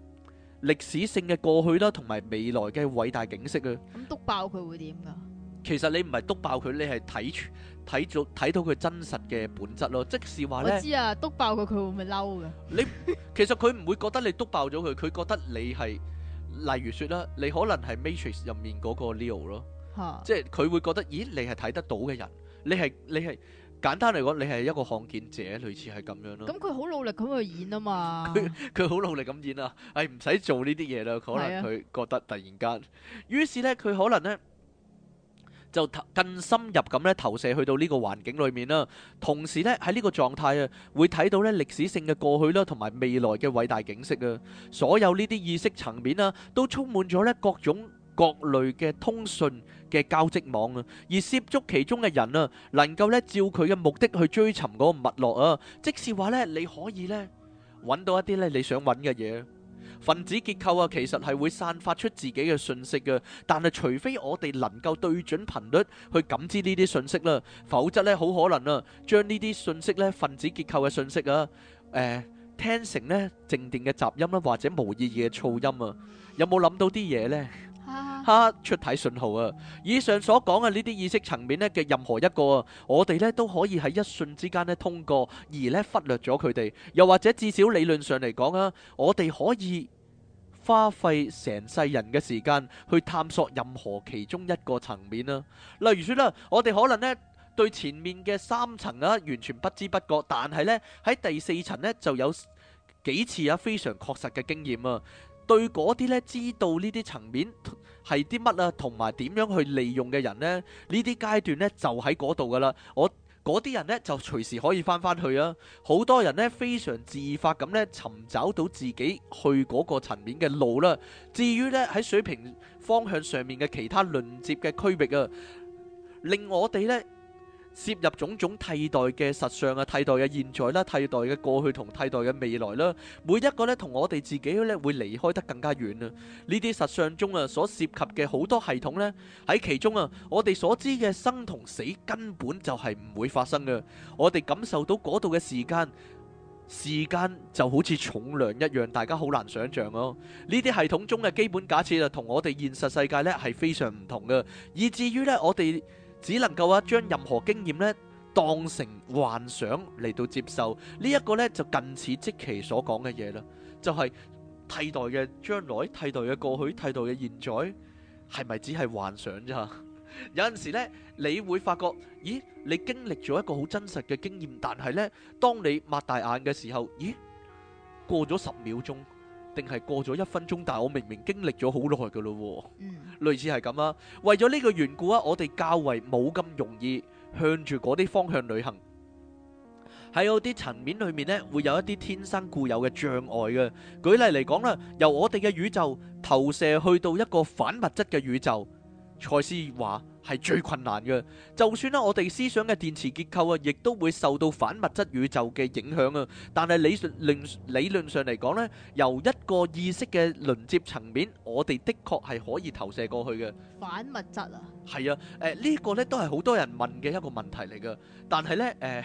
S2: 歷史性嘅過去啦，同埋未來嘅偉大景色啊。咁督、嗯、爆佢會點噶？其實你唔係督爆佢，你係睇睇咗睇到佢真實嘅本質咯。即使話咧，我知
S1: 啊，督爆佢佢會唔會嬲噶？你
S2: 其實佢唔會覺得你督爆咗佢，佢覺得你係，例如說啦，你可能係 Matrix 入面嗰個 Leo 咯。即係佢會覺得，咦？你係睇得到嘅人，你係你係簡單嚟講，你係一個看見者，類似係咁樣咯。咁
S1: 佢好努力咁去演啊嘛。佢
S2: 佢好努力咁演啊，係唔使做呢啲嘢啦。可能佢覺得突然間，於、啊、是呢，佢可能呢就更深入咁咧投射去到呢個環境裏面啦。同時呢，喺呢個狀態啊，會睇到呢歷史性嘅過去啦，同埋未來嘅偉大景色啊。所有呢啲意識層面啊，都充滿咗呢各種各類嘅通訊，嘅交織網啊，而涉足其中嘅人啊，能夠咧照佢嘅目的去追尋嗰個脈絡啊，即是話咧你可以咧揾到一啲咧你想揾嘅嘢，分子結構啊，其實係會散發出自己嘅信息嘅，但係除非我哋能夠對準頻率去感知呢啲信息啦，否則咧好可能啊，將呢啲信息咧分子結構嘅信息啊，誒、呃、聽成呢靜電嘅雜音啦，或者無意義嘅噪音啊，有冇諗到啲嘢呢？哈，哈！出體訊號啊！以上所講嘅呢啲意識層面呢嘅任何一個，我哋呢都可以喺一瞬之間呢通過，而呢忽略咗佢哋，又或者至少理論上嚟講啊，我哋可以花費成世人嘅時間去探索任何其中一個層面啊。例如說啦，我哋可能呢對前面嘅三層啊完全不知不覺，但係呢，喺第四層呢就有幾次啊非常確實嘅經驗啊！對嗰啲咧知道呢啲層面係啲乜啊，同埋點樣去利用嘅人呢？呢啲階段呢就喺嗰度噶啦。我嗰啲人呢就隨時可以返返去啊。好多人呢非常自發咁呢尋找到自己去嗰個層面嘅路啦。至於呢喺水平方向上面嘅其他連接嘅區域啊，令我哋呢，涉入種種替代嘅實相啊，替代嘅現在啦，替代嘅過去同替代嘅未來啦，每一個咧同我哋自己咧會離開得更加遠啦。呢啲實相中啊所涉及嘅好多系統咧，喺其中啊，我哋所知嘅生同死根本就係唔會發生嘅。我哋感受到嗰度嘅時間，時間就好似重量一樣，大家好難想象咯。呢啲系統中嘅基本假設啊，同我哋現實世界咧係非常唔同嘅，以至於咧我哋。只能夠將任何經驗呢當成幻想嚟到接受，呢一個呢就近似即期所講嘅嘢啦，就係替代嘅將來、替代嘅過去、替代嘅現在係咪只係幻想啫？有陣時呢你會發覺咦，你經歷咗一個好真實嘅經驗，但係呢當你擘大眼嘅時候咦，過咗十秒鐘 定係過咗一分鐘，但係我明明經歷咗好耐噶咯，類似係咁啦。為咗呢個緣故啊，我哋較為冇咁容易向住嗰啲方向旅行，喺有啲層面裏面呢，會有一啲天生固有嘅障礙嘅。舉例嚟講啦，由我哋嘅宇宙投射去到一個反物質嘅宇宙，賽斯話，係最困難嘅，就算咧我哋思想嘅電磁結構啊，亦都會受到反物質宇宙嘅影響啊。但係理論理論上嚟講咧，由一個意識嘅連接層面，我哋的確係可以投射過去嘅。
S1: 反物質啊？
S2: 係啊，誒呢個咧都係好多人問嘅一個問題嚟噶。但係咧，誒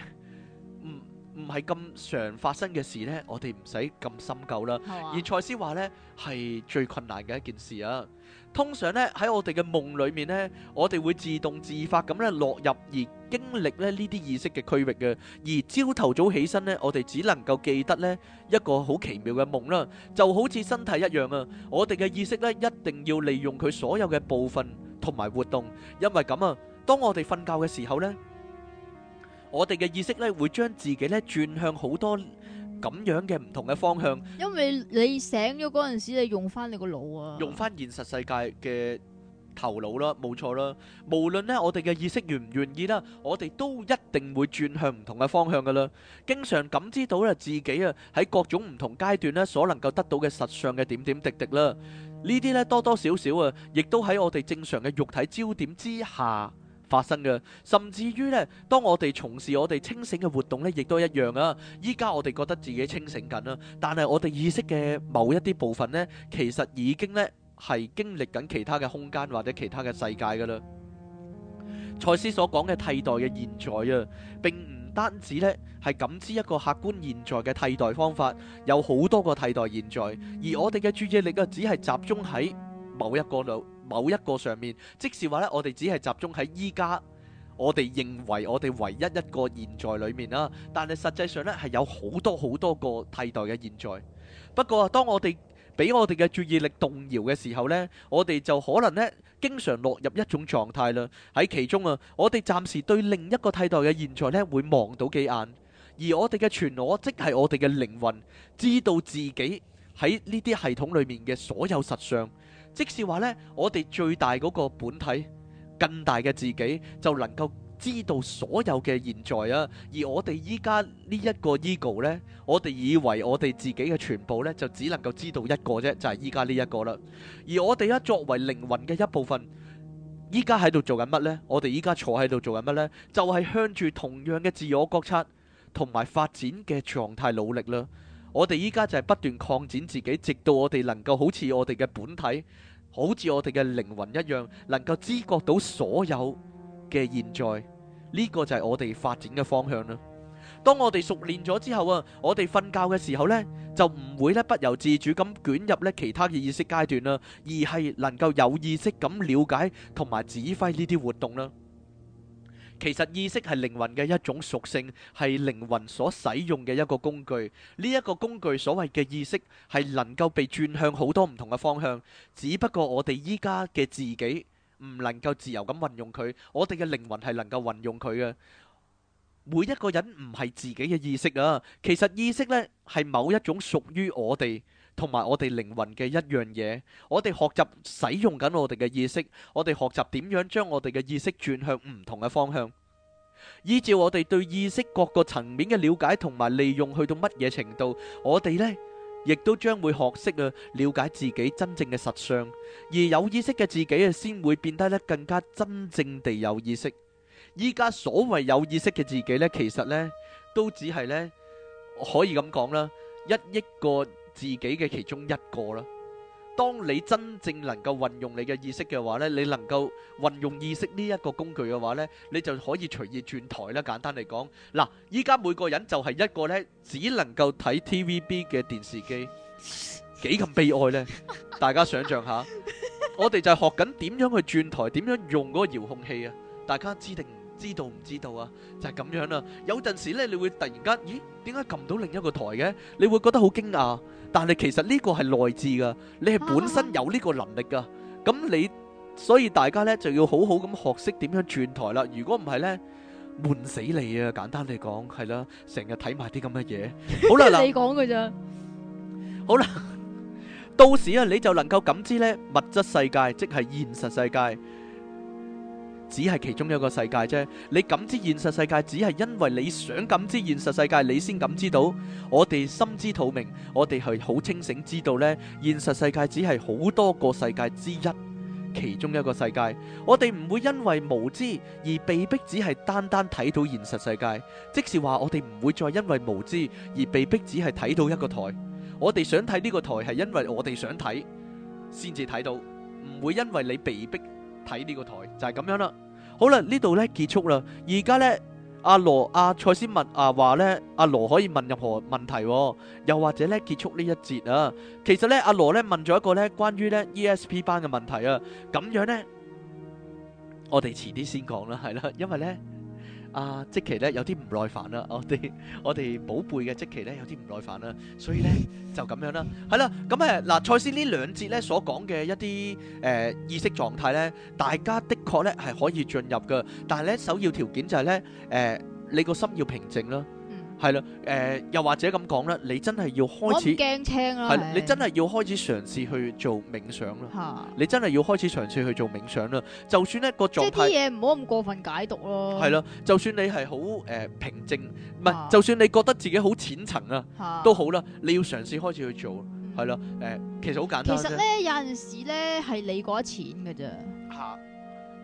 S2: 唔唔係咁常發生嘅事咧，我哋唔使咁深究啦。而賽斯話咧係最困難嘅一件事啊。通常咧喺我哋嘅夢裏面咧，我哋會自動自發咁咧落入而經歷咧呢啲意識嘅區域嘅。而朝頭早起身咧，我哋只能夠記得咧一個好奇妙嘅夢啦。就好似身體一樣啊，我哋嘅意識咧一定要利用佢所有嘅部分同埋活動，因為咁啊，當我哋瞓覺嘅時候咧，我哋嘅意識咧會將自己咧轉向好多，咁樣嘅唔同嘅方向，
S1: 因為你醒咗嗰陣時，你用翻你個腦啊，用
S2: 翻現實世界嘅頭腦啦，冇錯啦。無論咧我哋嘅意識願唔願意啦，我哋都一定會轉向唔同嘅方向噶啦。經常感知到咧自己啊喺各種唔同階段咧所能夠得到嘅實相嘅點點滴滴啦，呢啲咧多多少少啊，亦都喺我哋正常嘅肉體焦點之下發生嘅，甚至於呢，當我哋從事我哋清醒嘅活動呢，亦都一樣啊！依家我哋覺得自己清醒緊啦，但係我哋意識嘅某一啲部分呢，其實已經呢，係經歷緊其他嘅空間或者其他嘅世界噶啦。賽斯所講嘅替代嘅現在啊，並唔單止呢，係感知一個客觀現在嘅替代方法，有好多個替代現在，而我哋嘅注意力啊，只係集中喺某一個度。某一個上面，即是話呢，我哋只係集中喺依家，我哋認為我哋唯一一個現在裏面啦。但係實際上呢，係有好多好多個替代嘅現在。不過啊，當我哋俾我哋嘅注意力動搖嘅時候呢，我哋就可能呢，經常落入一種狀態啦。喺其中啊，我哋暫時對另一個替代嘅現在呢會望到幾眼，而我哋嘅全我，即係我哋嘅靈魂，知道自己喺呢啲系統裏面嘅所有實相。即是話呢，我哋最大嗰個本體，更大嘅自己就能夠知道所有嘅現在啊而我哋依家呢一個 ego 呢，我哋以為我哋自己嘅全部呢，就只能夠知道一個啫，就係依家呢一個啦。而我哋一作為靈魂嘅一部分，依家喺度做緊乜呢？我哋依家坐喺度做緊乜呢？就係向住同樣嘅自我覺察同埋發展嘅狀態努力啦。我哋依家就係不斷擴展自己，直到我哋能夠好似我哋嘅本體，好似我哋嘅靈魂一樣，能夠知覺到所有嘅現在。呢個就係我哋發展嘅方向啦。當我哋熟練咗之後啊，我哋瞓覺嘅時候呢，就唔會呢不由自主咁捲入呢其他嘅意識階段啦，而係能夠有意識咁了解同埋指揮呢啲活動啦。其實意識係靈魂嘅一種屬性，係靈魂所使用嘅一個工具。呢一個工具所謂嘅意識係能夠被轉向好多唔同嘅方向，只不過我哋依家嘅自己唔能夠自由咁運用佢，我哋嘅靈魂係能夠運用佢嘅。每一個人唔係自己嘅意識啊，其實意識呢，係某一種屬於我哋。同埋我哋靈魂嘅一樣嘢，我哋學習使用緊我哋嘅意識，我哋學習點樣將我哋嘅意識轉向唔同嘅方向，依照我哋對意識各個層面嘅了解同埋利用去到乜嘢程度，我哋呢亦都將會學識啊，了解自己真正嘅實相，而有意識嘅自己啊，先會變得呢更加真正地有意識。依家所謂有意識嘅自己呢，其實呢都只係呢可以咁講啦，一億個。自己嘅其中一個啦。當你真正能夠運用你嘅意識嘅話咧，你能夠運用意識呢一個工具嘅話咧，你就可以隨意轉台啦。簡單嚟講，嗱，依家每個人就係一個咧，只能夠睇 TVB 嘅電視機，幾咁悲哀咧。大家想象下，我哋就係學緊點樣去轉台，點樣用嗰個遙控器啊？大家知定知道唔知道啊？就係咁樣啦。有陣時咧，你會突然間，咦，點解撳唔到另一個台嘅？你會覺得好驚訝。但係其實呢個係內置噶，你係本身有呢個能力噶，咁你所以大家咧就要好好咁學識點樣轉台啦。如果唔係咧，悶死你啊！簡單嚟講，係啦，成日睇埋啲咁嘅嘢，好啦，你講噶咋，好啦，到時啊你就能夠感知咧物質世界，即係現實世界。只係其中一個世界啫。你感知現實世界，只係因為你想感知現實世界，你先感知到。我哋心知肚明，我哋係好清醒，知道呢現實世界只係好多個世界之一，其中一個世界。我哋唔會因為無知而被逼只係單單睇到現實世界。即是話，我哋唔會再因為無知而被逼只係睇到一個台。我哋想睇呢個台，係因為我哋想睇，先至睇到。唔會因為你被逼睇呢個台，就係咁樣啦。好啦，呢度咧結束啦。而家呢，阿、啊、羅賽斯先問啊，話咧阿羅可以問任何問題，啊，又或者呢結束呢一節啊。其實呢，阿、啊、羅呢問咗一個呢關於呢 ESP 班嘅問題啊，咁樣呢，我哋遲啲先講啦，係啦，因為呢。啊，即期咧有啲唔耐煩啦，我哋我哋寶貝嘅即其咧有啲唔耐煩啦，所以咧就咁樣啦，係 啦，咁誒嗱，賽斯呢兩節咧所講嘅一啲誒、呃、意識狀態咧，大家的確咧係可以進入嘅，但係咧首要條件就係咧誒你個心要平靜啦。係啦，誒、呃、又或者咁講啦，你真係要開始驚
S1: 青啦。係，的的你
S2: 真係要開始嘗試去做冥想啦。嚇的！你真係要開始嘗試去做冥想啦。就算一個狀態，即係啲
S1: 嘢唔好咁過分解讀咯。係啦，
S2: 就算你係好誒平靜，唔係就算你覺得自己好淺層啊，的都好啦。你要嘗試開始去做，係啦，誒其實好簡單。其實咧，
S1: 有陣時咧係你嗰一淺嘅啫。
S2: 嚇！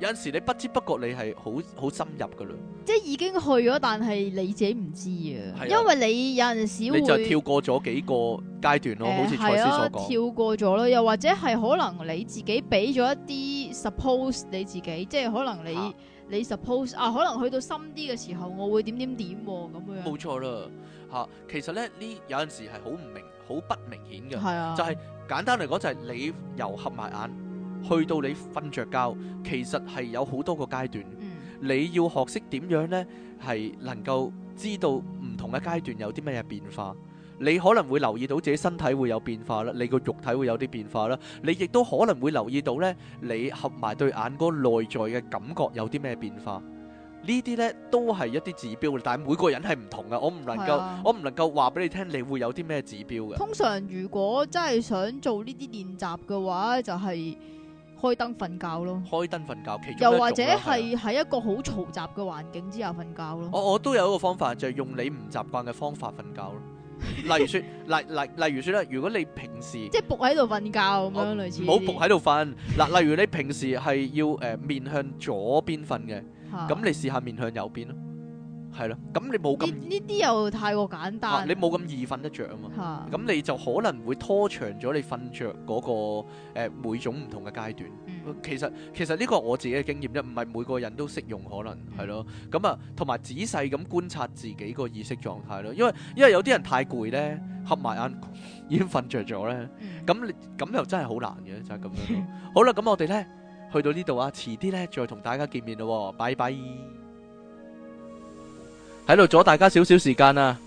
S2: 有陣時你不知不覺你係好好深入噶啦，
S1: 即係已經去咗，但係你自己唔知啊。
S2: 係啊，因為
S1: 你有陣時會你就跳
S2: 過咗幾個階段咯，呃、好似賽斯所講、呃。跳
S1: 過咗咯，又或者係可能你自己俾咗一啲 suppose 你自己，即係可能你、啊、你 suppose 啊，可能去到深啲嘅時候，我會點點點咁樣。冇錯
S2: 啦，吓，其實咧呢有陣時係好唔明，好不明顯嘅。係啊，就係簡單嚟講，就係你又合埋眼。去到你瞓著覺，其實係有好多個階段，你要學識點樣咧，係能夠知道唔同嘅階段有啲咩嘢變化。你可能會留意到自己身體會有變化啦，你個肉體會有啲變化啦，你亦都可能會留意到咧，你合埋對眼嗰個內在嘅感覺有啲咩變化。呢啲咧都係一啲指標，但係每個人係唔同嘅，我唔能夠我唔能夠話俾你聽，你會有啲咩指標嘅。通
S1: 常如果真係想做呢啲練習嘅話，就係。開燈瞓覺咯，
S2: 開燈瞓覺，其又或者係
S1: 喺、啊、一個好嘈雜嘅環境之下瞓覺咯。我、哦、我
S2: 都有一個方法，就係、是、用你唔習慣嘅方法瞓覺咯。 例如說，例例例，例如說咧，如果你平時即
S1: 係仆喺度瞓覺咁樣、哦、類似，冇仆喺
S2: 度瞓。嗱， 例如你平時係要誒面向左邊瞓嘅，咁 你試下面向右邊咯。係咯，咁你冇咁
S1: 呢啲又太過簡單。啊、你
S2: 冇咁易瞓得着啊嘛，咁、啊、你就可能會拖長咗你瞓着嗰個誒、呃、每種唔同嘅階段。其實其實呢個我自己嘅經驗啫，唔係每個人都適用，可能係咯。咁啊、嗯，同埋仔細咁觀察自己個意識狀態咯，因為因為有啲人太攰咧，合埋眼已經瞓着咗咧，咁咁又真係、就是、 好難嘅就係咁樣。好啦，咁我哋咧去到呢度啊，遲啲咧再同大家見面咯，拜拜。喺度阻大家少少時間啊！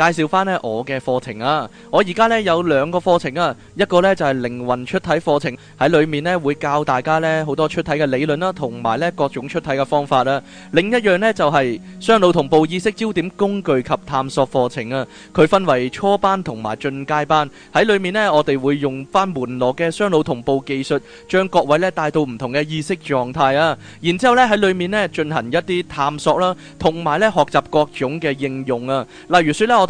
S2: 介紹翻呢，我嘅課程啊，我而家呢有兩個課程啊，一個呢就係靈魂出體課程，喺裏面呢會教大家呢好多出體嘅理論啦，同埋呢各種出體嘅方法啦。另一樣呢就係雙腦同步意識焦點工具及探索課程啊，佢分為初班同埋進階班，喺裏面呢我哋會用翻門羅嘅雙腦同步技術，將各位呢帶到唔同嘅意識狀態啊，然之後呢喺裏面呢進行一啲探索啦，同埋呢學習各種嘅應用啊，例如說呢我。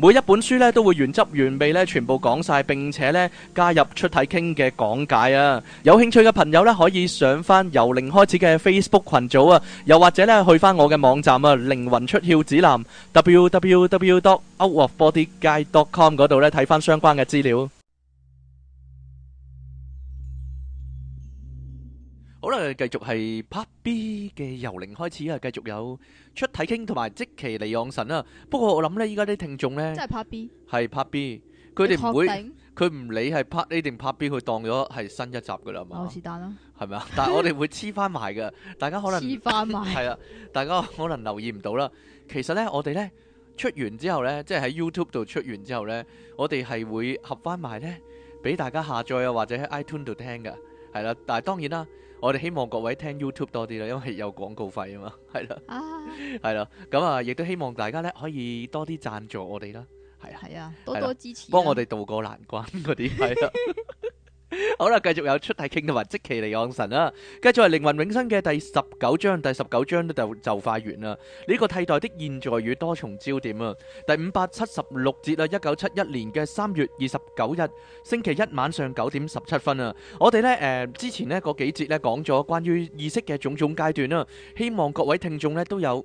S2: 每一本書咧都會原汁原味咧全部講晒，並且咧加入出體傾嘅講解啊！有興趣嘅朋友咧可以上翻由零開始嘅 Facebook 群組啊，又或者咧去翻我嘅網站啊，靈魂出竅指南 www.outofbodyguide.com 嗰度咧睇翻相關嘅資料。可能繼續係拍 B 嘅由零開始啊！繼續有出體傾同埋即期嚟養神啦、啊。不過我諗咧，依家啲聽眾咧，真係拍 B 係拍 B，佢哋唔會佢唔理係拍 A 定拍 B，去當咗係新一集噶啦嘛。是但咯，係咪啊？但係我哋會黐翻埋嘅， 大家可能黐翻埋係啦。大家可能留意唔到啦。其實咧，我哋咧出完之後咧，即係喺 YouTube 度出完之後咧，我哋係會合翻埋咧，俾大家下載啊，或者喺 iTune 度聽嘅係啦。但係當然啦。我哋希望各位聽 YouTube 多啲啦，因為有廣告費啊嘛，係啦，係、啊、啦，咁、嗯、啊，亦都希望大家咧可以多啲贊助我哋啦，係啊，係啊，多多支持、啊，幫我哋渡過難關嗰啲，係 是啦。 好啦，繼續有出題傾同埋，即其嚟安神啦。繼續係靈魂永生嘅第十九章，第十九章呢就就快完啦。呢、這個替代的現在與多重焦點啊，第五百七十六節啊，一九七一年嘅三月二十九日星期一晚上九點十七分啊。我哋呢，誒、呃，之前呢嗰幾節呢講咗關於意識嘅種種階段啦、啊，希望各位聽眾呢都有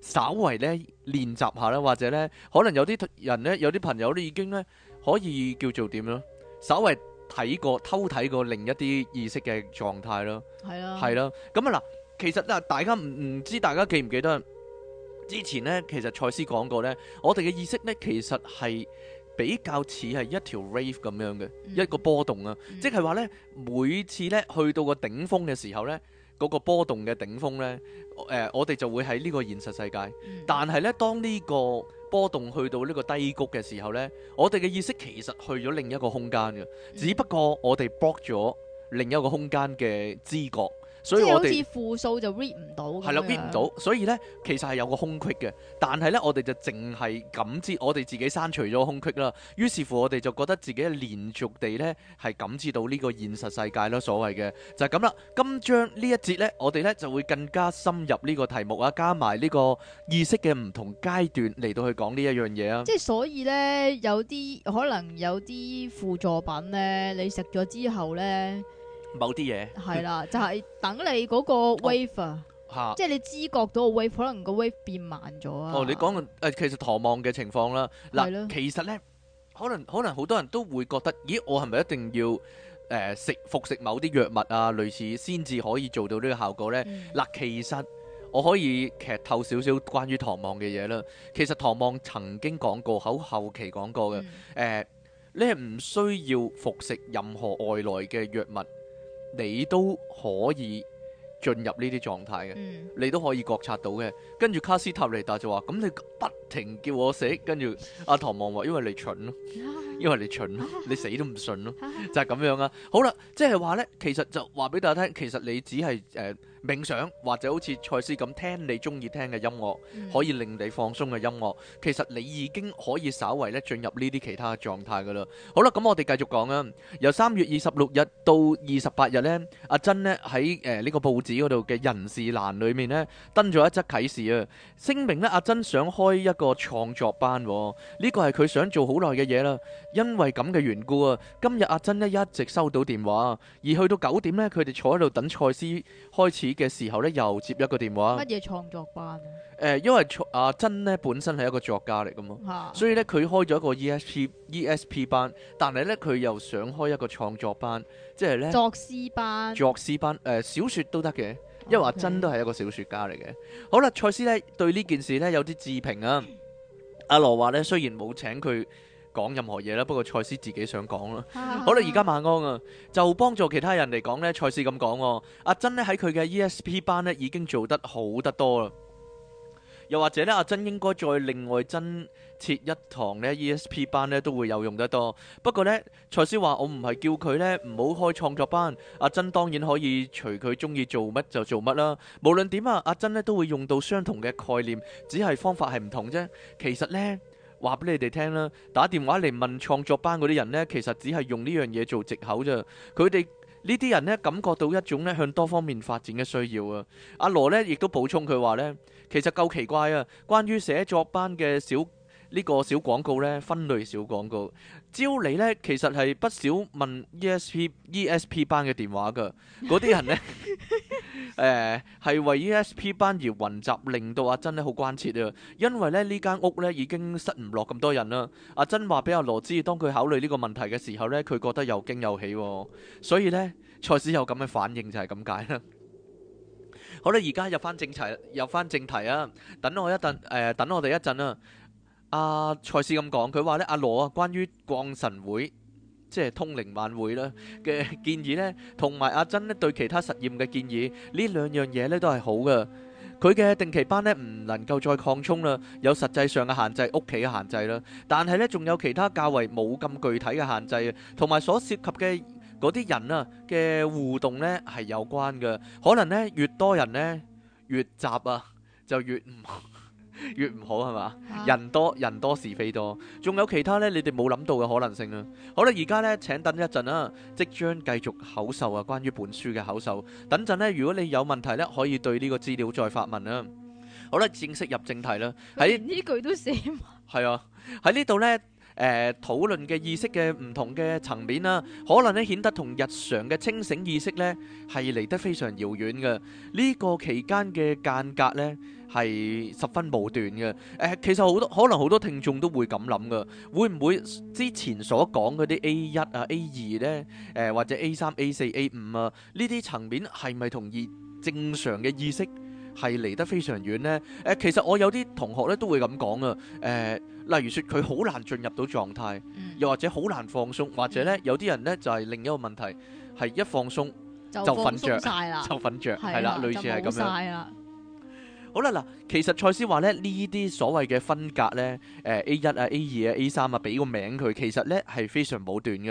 S2: 稍為呢練習下啦，或者呢可能有啲人呢，有啲朋友呢已經呢可以叫做點咯，稍為。睇過偷睇過另一啲意識嘅狀態咯，係
S1: 啦是、啊啊，係啦，
S2: 咁啊嗱，其實嗱，大家唔唔知大家記唔記得之前咧，其實賽斯講過咧，我哋嘅意識咧其實係比較似係一條 wave 咁樣嘅、嗯、一個波動啊，嗯、即係話咧每次咧去到個頂峰嘅時候咧。嗰個波動嘅頂峰呢，誒、呃，我哋就會喺呢個現實世界。但係呢，當呢個波動去到呢個低谷嘅時候呢，我哋嘅意識其實去咗另一個空間嘅，只不過我哋 block 咗另一個空間嘅知覺。所以我哋，即係好似
S1: 負數就 read 唔到嘅，係啦，read 唔到。
S2: 所以咧，其實係有個空隙嘅，但係咧，我哋就淨係感知我哋自己刪除咗空隙啦。於是乎，我哋就覺得自己連續地咧係感知到呢個現實世界咯。所謂嘅就係咁啦。今章呢一節咧，我哋咧就會更加深入呢個題目啊，加埋呢個意識嘅唔同階段嚟到去講呢一樣嘢啊。即係
S1: 所以咧，有啲可能有啲輔助品咧，你食咗之後咧。
S2: 某啲嘢係啦，
S1: 就係、是、等你嗰個 wave，嚇、哦，啊、即係你知覺到個 wave 可能個 wave 變慢咗啊。哦，你
S2: 講誒、呃，其實唐望嘅情況啦，嗱，是的 其實咧可能可能好多人都會覺得，咦，我係咪一定要誒食、呃、服食某啲藥物啊，類似先至可以做到呢個效果咧？嗱、嗯，其實我可以劇透少少關於唐望嘅嘢啦。其實唐望曾經講過，好後期講過嘅誒、嗯呃，你係唔需要服食任何外來嘅藥物。你都可以進入呢啲狀態嘅，嗯、你都可以覺察到嘅。跟住卡斯塔尼達就話：「咁你不停叫我死。」跟住阿唐望話，因為你蠢咯、啊，因為你蠢咯、啊，你死都唔信咯、啊，就係、是、咁樣啊！好啦，即係話咧，其實就話俾大家聽，其實你只係誒，呃冥想或者好似賽斯咁聽你中意聽嘅音樂，可以令你放鬆嘅音樂，其實你已經可以稍為咧進入呢啲其他嘅狀態噶啦。好啦，咁我哋繼續講啊。由三月二十六日到二十八日咧，阿珍咧喺誒呢個報紙嗰度嘅人事欄裏面咧登咗一則啟事啊，聲明咧阿珍想開一個創作班，呢個係佢想做好耐嘅嘢啦。因為咁嘅緣故啊，今日阿珍咧一直收到電話，而去到九點咧，佢哋坐喺度等賽斯開始。嘅時候咧，又接一個電話。乜
S1: 嘢創作班
S2: 誒、呃，因為阿、啊、珍咧本身係一個作家嚟噶嘛，啊、所以咧佢開咗一個 E S P E S P 班，但係咧佢又想開一個創作班，即係咧作
S1: 詩班。作
S2: 詩班誒、呃，小說都得嘅，因為阿、啊、珍都係一個小說家嚟嘅。啊 okay、好啦，賽斯咧對呢件事咧有啲自評啊。阿羅話咧，雖然冇請佢，講任何嘢啦，不過賽斯自己想講啦。 好啦，而家晚安啊，就幫助其他人嚟講呢賽斯咁講，阿珍呢，喺佢嘅 E S P 班呢已經做得好得多啦。又或者呢，阿珍應該再另外增設一堂呢 E S P 班呢都會有用得多。不過呢，賽斯話我唔係叫佢呢唔好開創作班。阿珍當然可以隨佢中意做乜就做乜啦。無論點啊，阿珍呢都會用到相同嘅概念，只係方法係唔同啫。其實呢。話俾你哋聽啦，打電話嚟問創作班嗰啲人呢，其實只係用呢樣嘢做藉口啫。佢哋呢啲人呢，感覺到一種呢向多方面發展嘅需要啊。阿羅呢，亦都補充佢話呢，其實夠奇怪啊。關於寫作班嘅小呢個小廣告呢，分類小廣告。招你呢，其實係不少問 ESP ESP 班嘅電話嘅，嗰啲人呢，誒係、 呃、為 ESP 班而雲集，令到阿珍呢好關切啊！因為呢呢間屋呢已經塞唔落咁多人啦。阿珍話俾阿羅知，當佢考慮呢個問題嘅時候呢，佢覺得又驚又喜，哦，所以呢，賽斯有咁嘅反應就係咁解啦。 好啦，而家入翻正題，入翻正題啊！等我一陣，誒、呃、等我哋一陣啊！阿蔡氏咁講，佢話咧阿羅啊，關於降神會即係通靈晚會啦嘅建議咧，同埋阿珍咧對其他實驗嘅建議，呢兩樣嘢咧都係好噶。佢嘅定期班咧唔能夠再擴充啦，有實際上嘅限制，屋企嘅限制啦。但係咧仲有其他較為冇咁具體嘅限制啊，同埋所涉及嘅嗰啲人啊嘅互動咧係有關噶。可能咧越多人咧越雜啊，就越唔。越唔好係嘛？人多，人多是非多，仲有其他咧，你哋冇諗到嘅可能性啦。好啦，而家咧，請等一陣啦，即將繼續口授啊，關於本書嘅口授。等陣咧，如果你有問題咧，可以對呢個資料再發問啦。好啦，正式入正題啦，喺
S1: 呢句都寫埋，
S2: 係啊，喺呢度咧。誒，討論嘅意識嘅唔同嘅層面啦，可能咧顯得同日常嘅清醒意識咧係離得非常遙遠嘅。呢個期間嘅間隔咧係十分無斷武斷嘅。誒，其實好多可能好多聽眾都會咁諗噶，會唔會之前所講嗰啲 A 一啊、A 二咧誒或者 A 三、A 四、A 五啊呢啲層面係咪同意正常嘅意識？係離得非常遠呢。誒、呃，其實我有啲同學咧都會咁講啊。誒、呃，例如説佢好難進入到狀態，嗯、又或者好難放鬆，或者咧有啲人咧就係、是、另一個問題，係一放鬆就瞓着，就瞓着，係啦了，的類似係咁樣。好啦，嗱、呃啊啊啊，其實賽斯話咧，呢啲所謂嘅分隔咧，誒 A 一啊、A 二啊、A 三啊，俾個名佢，其實咧係非常武斷嘅。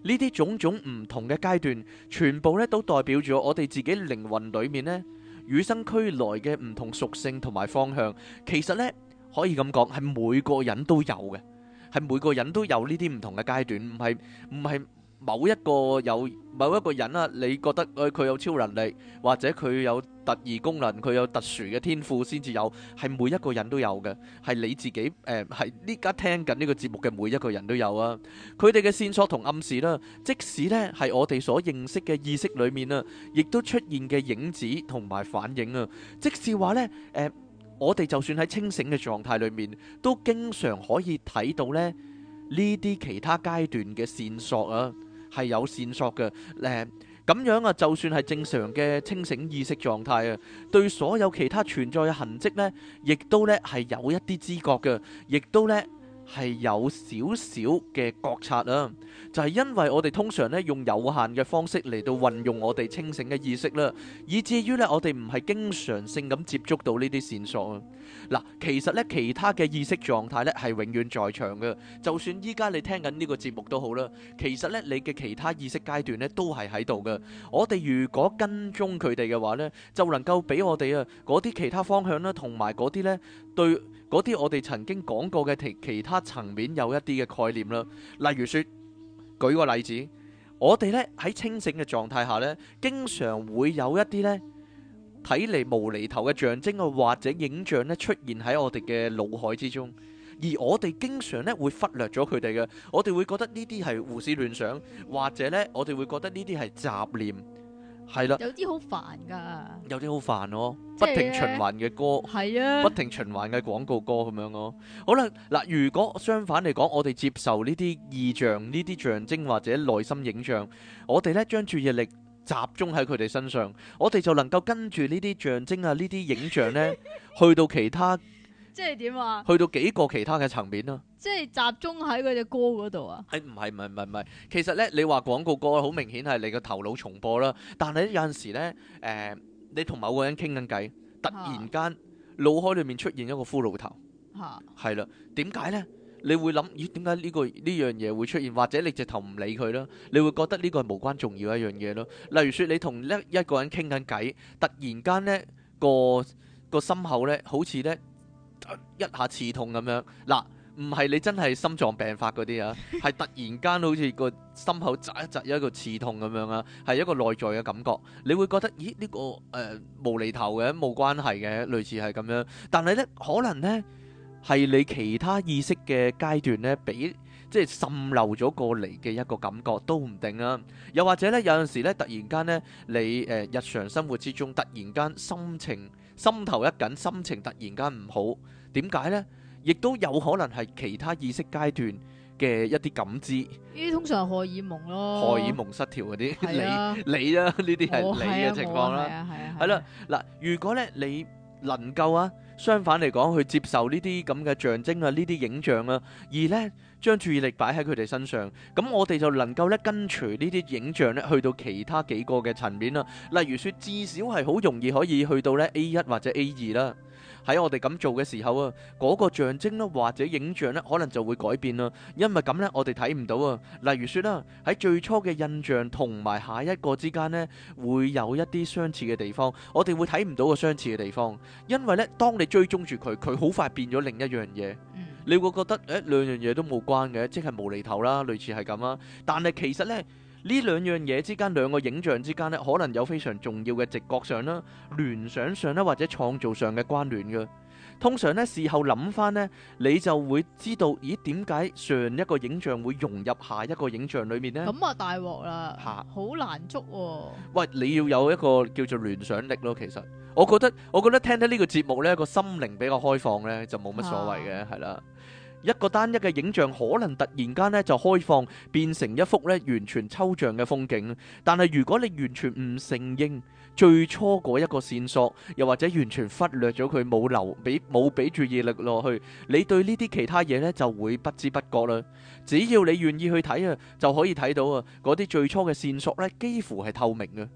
S2: 呢啲種種唔同嘅階段，全部咧都代表咗我哋自己靈魂裏面咧，與生俱來嘅唔同屬性同埋方向，其實呢，可以咁講，係每個人都有嘅，係每個人都有呢啲唔同嘅階段，唔係唔係。某一個有某一個人啊，你覺得佢佢有超能力，或者佢有特異功能，佢有特殊嘅天賦先至有，係每一個人都有嘅，係你自己誒，係呢家聽緊呢個節目嘅每一個人都有啊。佢哋嘅線索同暗示啦、啊，即使呢係我哋所認識嘅意識裏面啊，亦都出現嘅影子同埋反應啊。即使話呢，誒、呃，我哋就算喺清醒嘅狀態裏面，都經常可以睇到呢呢啲其他階段嘅線索啊。係有線索嘅，呃，咁樣啊，就算係正常嘅清醒意識狀態啊，對所有其他存在嘅痕跡呢，亦都呢係有一啲知覺嘅，亦都呢。係有少少嘅覺察啦、啊，就係、是、因為我哋通常咧用有限嘅方式嚟到運用我哋清醒嘅意識啦、啊，以至於咧我哋唔係經常性咁接觸到呢啲線索啊！嗱，其實咧其他嘅意識狀態咧係永遠在場嘅，就算依家你聽緊呢個節目都好啦。其實咧你嘅其他意識階段咧都係喺度嘅。我哋如果跟蹤佢哋嘅話咧，就能夠俾我哋啊嗰啲其他方向啦，同埋嗰啲咧。對嗰啲我哋曾經講過嘅其其他層面有一啲嘅概念啦，例如說，舉個例子，我哋咧喺清醒嘅狀態下咧，經常會有一啲咧睇嚟無厘頭嘅象徵啊或者影像咧出現喺我哋嘅腦海之中，而我哋經常咧會忽略咗佢哋嘅，我哋會覺得呢啲係胡思亂想，或者咧我哋會覺得呢啲係雜念。係啦，有
S1: 啲好煩
S2: 噶，有啲好煩咯，就是，不停循環嘅歌，係啊，不停循環嘅廣告歌咁樣咯。好啦嗱，如果相反嚟講，我哋接受呢啲意象、呢啲象徵或者內心影像，我哋咧將注意力集中喺佢哋身上，我哋就能夠跟住呢啲象徵啊、呢啲影像咧，去到其他。
S1: 即係點話？去
S2: 到幾個其他嘅層面啦，
S1: 即係集中喺嗰隻歌嗰度
S2: 啊？誒、哎，唔係唔係唔係，其實咧，你話廣告歌好明顯係你個頭腦重播啦。但係有陣時咧，誒、呃，你同某個人傾緊偈，突然間腦海裏面出現一個骷髏頭，係啦、啊。點解咧？你會諗咦？點解呢個呢樣嘢會出現？或者你直頭唔理佢啦？你會覺得呢個係無關重要一樣嘢咯。例如說，你同一一個人傾緊偈，突然間咧個個心口咧好似咧。一下刺痛咁樣，嗱，唔係你真係心臟病發嗰啲啊，係突然間好似個心口扎一扎有一個刺痛咁樣啊，係一個內在嘅感覺，你會覺得咦呢、呢個誒、呃、無厘頭嘅冇關係嘅，類似係咁樣，但係呢，可能呢，係你其他意識嘅階段呢，俾即係滲漏咗過嚟嘅一個感覺都唔定啊，又或者呢，有陣時呢突然間呢，你誒、呃、日常生活之中突然間心情心頭一緊，心情突然間唔好。點解咧？亦都有可能係其他意識階段嘅一啲感知。呢
S1: 啲通常荷爾蒙咯，荷爾
S2: 蒙失調嗰啲，你你啦，呢啲係你嘅情況啦。係啦，嗱，如果咧你能夠啊，相反嚟講去接受呢啲咁嘅象徵啊，呢啲影像啊，而咧將注意力擺喺佢哋身上，咁我哋就能夠咧跟隨呢啲影像咧去到其他幾個嘅層面啦。例如說，至少係好容易可以去到咧 A 一或者 A 二啦。喺我哋咁做嘅時候啊，嗰個象徵咧或者影像咧，可能就會改變啦。因為咁咧，我哋睇唔到啊。例如說啦，喺最初嘅印象同埋下一個之間咧，會有一啲相似嘅地方，我哋會睇唔到個相似嘅地方。因為咧，當你追蹤住佢，佢好快變咗另一樣嘢，你會覺得誒，兩樣嘢都冇關嘅，即係無厘頭啦，類似係咁啊。但係其實咧。呢兩樣嘢之間，兩個影像之間咧，可能有非常重要嘅直覺上啦、聯想上啦或者創造上嘅關聯嘅。通常咧，事後諗翻咧，你就會知道，咦，點解上一個影像會融入下一個影像裏面咧？咁
S1: 啊大鑊啦，好難捉，
S2: 哦。喂，你要有一個叫做聯想力咯。其實我覺得，我覺得聽得呢個節目咧，個心靈比較開放咧，就冇乜所謂嘅，係啦、啊。一個單一嘅影像可能突然間咧就開放，變成一幅咧完全抽象嘅風景。但係如果你完全唔承認最初嗰一個線索，又或者完全忽略咗佢，冇留俾冇俾注意力落去，你對呢啲其他嘢咧就會不知不覺啦。只要你願意去睇啊，就可以睇到啊，嗰啲最初嘅線索咧幾乎係透明嘅。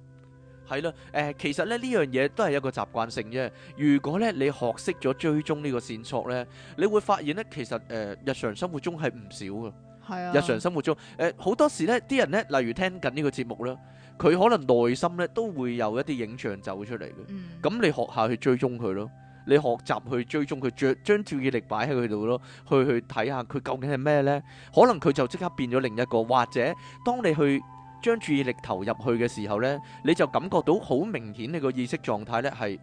S2: 係咯，誒，其實咧呢樣嘢都係一個習慣性啫。如果咧你學識咗追蹤呢個線索咧，你會發現咧其實誒日常生活中係唔少㗎。係啊，日常生活中誒好多時咧啲人咧，例如聽緊呢個節目啦，佢可能內心咧都會有一啲影像走出嚟嘅。嗯，咁你學下去追蹤佢咯，你學習去追蹤佢，將注意力擺喺佢度咯，去去睇下佢究竟係咩咧？可能佢就即刻變咗另一個，或者當你去。將注意力投入去嘅時候呢，你就感覺到好明顯，你個意識狀態呢係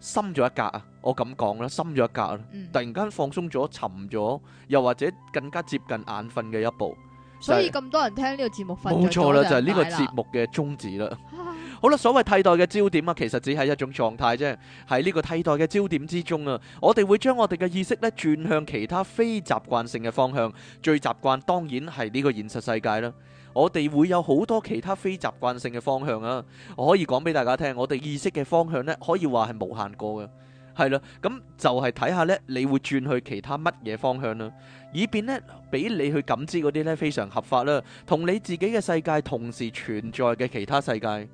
S2: 深咗一格啊！我咁講啦，深咗一格，突然間放鬆咗，沉咗，又或者更加接近眼瞓嘅一步。就係，所以
S1: 咁多人聽呢個節目瞓，冇錯啦，就係、係，呢個節
S2: 目嘅宗旨啦。 好啦，所謂替代嘅焦點啊，其實只係一種狀態啫。喺呢個替代嘅焦點之中啊，我哋會將我哋嘅意識呢轉向其他非習慣性嘅方向。最習慣當然係呢個現實世界啦。我哋會有好多其他非習慣性嘅方向啊，我可以講俾大家聽。我哋意識嘅方向呢，可以話係無限過嘅，係啦。咁就係睇下呢，你會轉去其他乜嘢方向啦，以便呢，俾你去感知嗰啲呢非常合法啦，同你自己嘅世界同時存在嘅其他世界。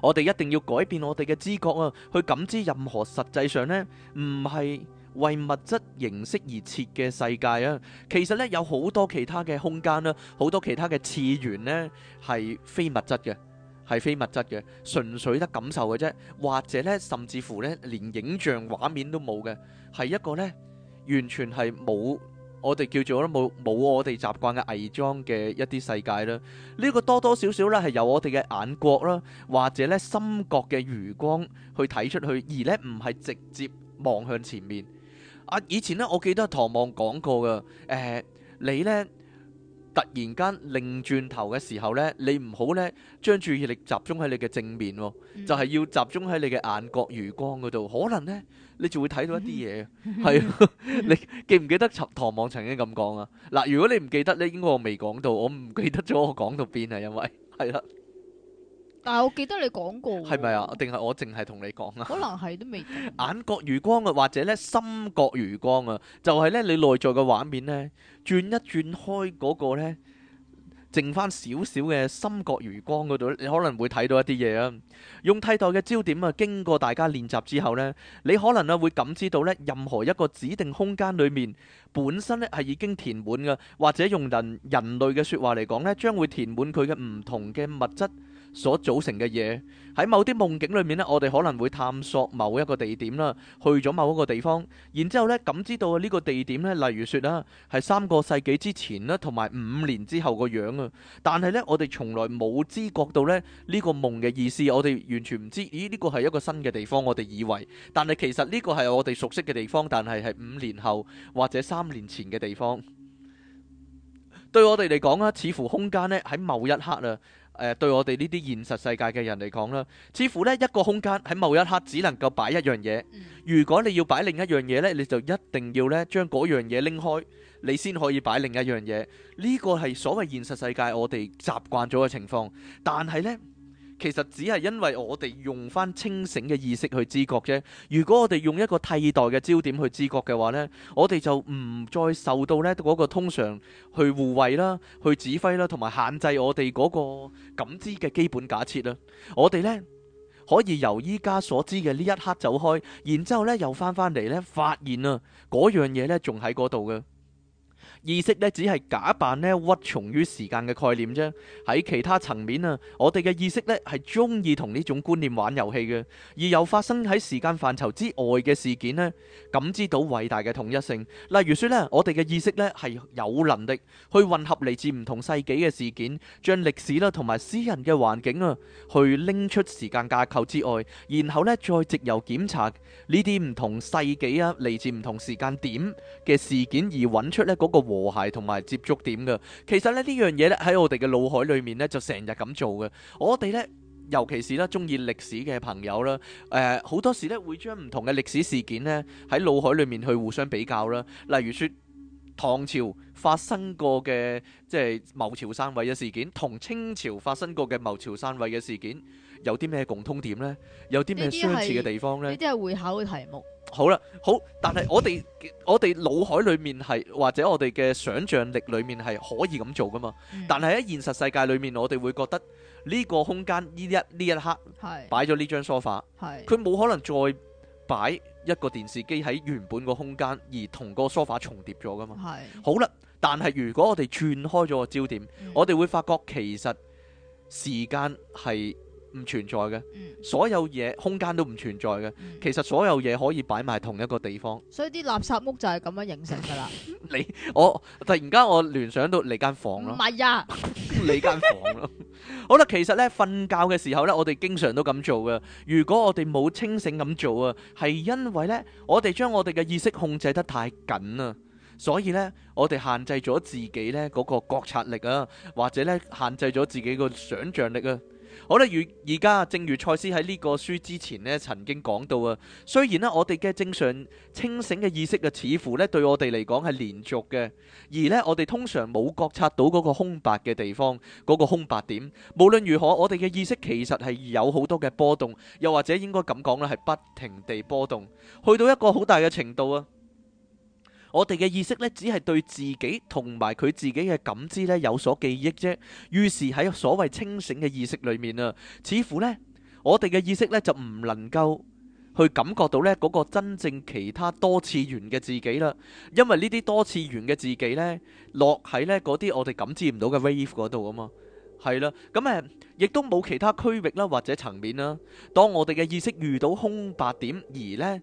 S2: 我哋一定要改變我哋嘅知覺啊，去感知任何實際上呢唔係。為物質形式而設嘅世界啊，其實咧有好多其他嘅空間啦，好多其他嘅次元咧係非物質嘅，係非物質嘅，純粹得感受嘅啫，或者咧甚至乎咧連影像畫面都冇嘅，係一個咧完全係冇我哋叫做冇，冇我哋習慣嘅偽裝嘅一啲世界啦。呢個多多少少啦係由我哋嘅眼角啦，或者咧心覺嘅餘光去睇出去，而咧唔係直接望向前面。啊！以前咧，我記得唐望講過㗎，誒、呃，你咧突然間擰轉頭嘅時候咧，你唔好咧將注意力集中喺你嘅正面喎，嗯、就係要集中喺你嘅眼角餘光嗰度，可能咧你就會睇到一啲嘢。係， 你記唔記得？唐望曾經咁講啊？嗱，如果你唔記得咧，應該我未講到，我唔記得咗我講到邊啊，因為係啦。
S1: 但係，我記得你講過，係
S2: 咪啊？定係我淨係同你講啊？可
S1: 能係都未，
S2: 眼角餘光啊，或者咧心角餘光啊，就係咧你內在嘅畫面咧轉一轉開嗰個咧，剩翻少少嘅心角餘光嗰度，你可能會睇到一啲嘢啊。用替代嘅焦點啊，經過大家練習之後咧，你可能咧會感知到咧任何一個指定空間裏面本身咧係已經填滿嘅，或者用人人類嘅說話嚟講咧，將會填滿佢嘅唔同嘅物質。所組成嘅嘢喺某啲夢境裏面呢，我哋可能會探索某一個地點啦，去咗某一個地方，然之後咧，感知到呢個地點呢，例如說啦，係三個世紀之前啦，同埋五年之後個樣啊。但係呢，我哋從來冇知覺到咧呢個夢嘅意思，我哋完全唔知，咦呢個係一個新嘅地方，我哋以為，但係其實呢個係我哋熟悉嘅地方，但係係五年後或者三年前嘅地方。對我哋嚟講啊，似乎空間呢，喺某一刻啊。誒、呃、對我哋呢啲現實世界嘅人嚟講啦，似乎呢一個空間喺某一刻只能夠擺一樣嘢。如果你要擺另一樣嘢呢，你就一定要呢將嗰樣嘢拎開，你先可以擺另一樣嘢。呢、呢個係所謂現實世界我哋習慣咗嘅情況，但係呢。其實只係因為我哋用翻清醒嘅意識去知覺啫。如果我哋用一個替代嘅焦點去知覺嘅話呢，我哋就唔再受到呢嗰個通常去護衛啦、去指揮啦、同埋限制我哋嗰個感知嘅基本假設啦。我哋呢可以由依家所知嘅呢一刻走開，然之後咧又翻翻嚟呢，發現啊嗰樣嘢呢仲喺嗰度嘅。意識咧只係假扮咧屈從於時間嘅概念啫。喺其他層面啊，我哋嘅意識咧係鍾意同呢種觀念玩遊戲嘅。而又發生喺時間範疇之外嘅事件咧，感知到偉大嘅統一性。例如說咧，我哋嘅意識咧係有能力去混合嚟自唔同世紀嘅事件，將歷史啦同埋私人嘅環境啊，去拎出時間架構之外，然後咧再藉由檢查呢啲唔同世紀啊嚟自唔同時間點嘅事件，而揾出咧嗰個和諧同埋接觸點嘅，其實咧呢樣嘢咧喺我哋嘅腦海裏面咧就成日咁做嘅。我哋咧，尤其是咧中意歷史嘅朋友啦，誒、呃，好多時咧會將唔同嘅歷史事件咧喺腦海裏面去互相比較啦。例如說，唐朝發生過嘅即係謀朝篡位嘅事件，同清朝發生過嘅謀朝篡位嘅事件。有啲咩共通點呢？有啲咩相似嘅地方呢？呢啲
S1: 係會考嘅題目。
S2: 好啦，好，但係我哋我哋腦海裏面係或者我哋嘅想像力裏面係可以咁做噶嘛？嗯、但係喺現實世界裏面，我哋會覺得呢個空間呢一呢一刻係是擺咗呢張梳化，佢冇可能再擺一個電視機喺原本個空間而同個梳化重疊咗噶嘛？是好啦，但係如果我哋轉開咗個焦點，嗯、我哋會發覺其實時間係。唔存在嘅，所有嘢空間都唔存在嘅。其實所有嘢可以擺埋同一個地方。
S1: 所以啲垃圾屋就係咁樣形成噶
S2: 啦。 你我突然間我聯想到你間房咯，唔
S1: 係啊，
S2: 你間房咯。 好啦，其實咧瞓覺嘅時候咧，我哋經常都咁做噶。如果我哋冇清醒咁做啊，係因為咧我哋將我哋嘅意識控制得太緊啊，所以咧我哋限制咗自己咧嗰個覺察力啊，或者咧限制咗自己個想象力啊。好咧，而家正如賽斯喺呢個書之前咧，曾經講到啊，雖然咧我哋嘅正常清醒嘅意識嘅似乎咧對我哋嚟講係連續嘅，而呢，我哋通常冇覺察到嗰個空白嘅地方，嗰、嗰個空白點。無論如何，我哋嘅意識其實係有好多嘅波動，又或者應該咁講啦，係不停地波動，去到一個好大嘅程度啊。我哋嘅意識咧，只係對自己同埋佢自己嘅感知咧有所記憶啫。於是喺所謂清醒嘅意識裏面啊，似乎呢，我哋嘅意識呢就唔能夠去感覺到呢嗰、那個真正其他多次元嘅自己啦。因為呢啲多次元嘅自己呢，落喺呢嗰啲我哋感知唔到嘅 wave 嗰度啊嘛，係啦。咁誒亦都冇其他區域啦，或者層面啦。當我哋嘅意識遇到空白點而呢，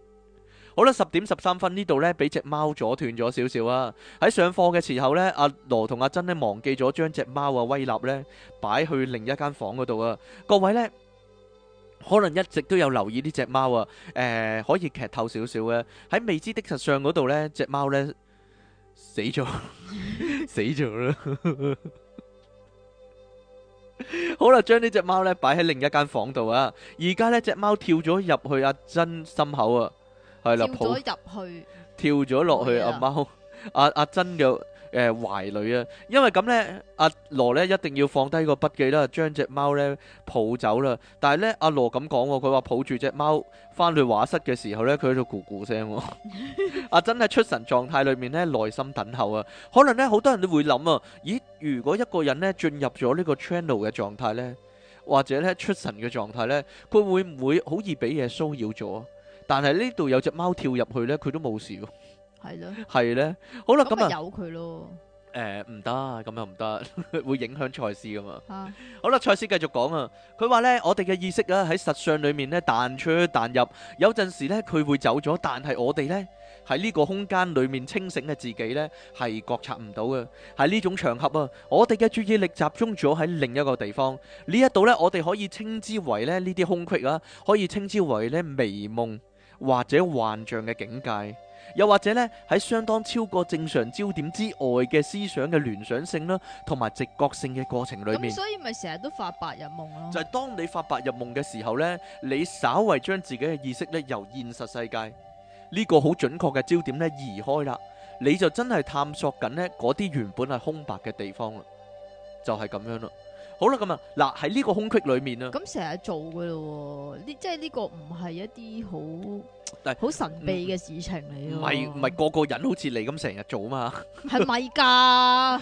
S2: 好啦，十點十三分呢度呢，俾隻貓阻斷咗少少啊！喺上課嘅時候呢，阿羅同阿珍呢，忘記咗將隻貓啊威立呢擺去另一間房嗰度啊！各位呢，可能一直都有留意呢隻貓啊，誒、呃，可以劇透少少啊，喺未知的實相嗰度呢，隻貓呢死咗，死咗啦 死了笑！好啦，將呢隻貓呢擺喺另一間房度啊！而家呢隻貓跳咗入去阿珍心口啊！係啦，抱跳咗入去，跳咗落去阿貓阿阿珍嘅誒懷裏啊！因為咁咧，阿羅咧一定要放低個筆記啦，將隻貓咧抱走啦。但係咧，阿羅咁講喎，佢話抱住隻貓翻去畫室嘅時候咧，佢喺度咕咕聲。阿珍喺出神狀態裏面咧，耐心等候啊。可能咧，好多人都會諗啊，咦？如果一個人咧進入咗呢個 channel 嘅狀態咧，或者咧出神嘅狀態咧，佢會唔會好易俾嘢騷擾咗？但係呢度有隻貓跳入去呢，佢都冇事喎。
S1: 係的咯，
S2: 係咧、
S1: 呃。好啦，咁啊，由佢咯。
S2: 誒，唔得，咁又唔得，會影響賽斯噶嘛。好啦，賽斯繼續講啊。佢話、啊、呢，我哋嘅意識啊，喺實相裏面咧彈出彈入，有陣時呢，佢會走咗，但係我哋呢，喺呢個空間裏面清醒嘅自己呢，係覺察唔到嘅。喺呢種場合啊，我哋嘅注意力集中咗喺另一個地方。呢一度呢，我哋可以稱之為咧呢啲空隙啊，可以稱之為呢微夢。或者幻象嘅境界，又或者呢，喺相當超過正常焦點之外嘅思想嘅聯想性啦，同埋直覺性嘅過程裏面，所
S1: 以咪成日都發白日夢
S2: 咯。就係當你發白日夢嘅時候呢，你稍為將自己嘅意識呢由現實世界呢個好準確嘅焦點呢移開啦，你就真係探索緊呢嗰啲原本係空白嘅地方啦，就係噉樣啦。好啦，咁啊，嗱喺呢個空隙裏面啊，咁
S1: 成日做噶咯、哦，呢即係呢個唔係一啲好，
S2: 好但神秘嘅
S1: 事情嚟咯、嗯。唔係
S2: 唔係個個人好似你咁成日做啊嘛，
S1: 係咪噶？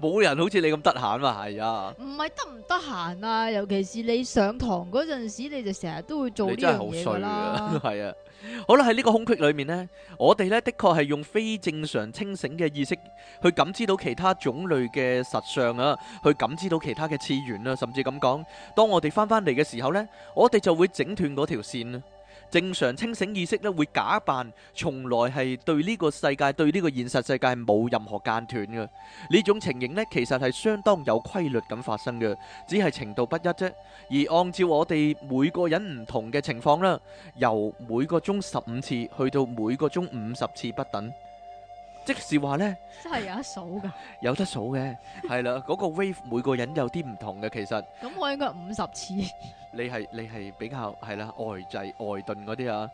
S2: 冇人好似你咁得閒嘛，係啊？
S1: 唔係得唔得閒啊？尤其是你上堂嗰陣時，你就成日都會做。你真係好衰，呢樣嘢噶啦，係
S2: 啊。 好啦，喺呢個空隙裏面呢，我哋咧的確係用非正常清醒嘅意識去感知到其他種類嘅實相啊，去感知到其他嘅次元啦，甚至咁講，當我哋返返嚟嘅時候咧，我哋就會整斷嗰條線啦。正常清醒意識咧，會假扮從來係對呢個世界、對呢個現實世界係冇任何間斷嘅呢種情形咧，其實係相當有規律咁發生嘅，只係程度不一啫。而按照我哋每個人唔同嘅情況啦，由每個鐘十五次去到每個鐘五十次不等。即是話咧，
S1: 真係有得數噶，
S2: 有得數嘅，係啦， 嗰、嗰個 wave 每個人有啲唔同嘅，其實。
S1: 咁我應該五十次 你。
S2: 你係你係比較係啦，外制外頓嗰啲啊。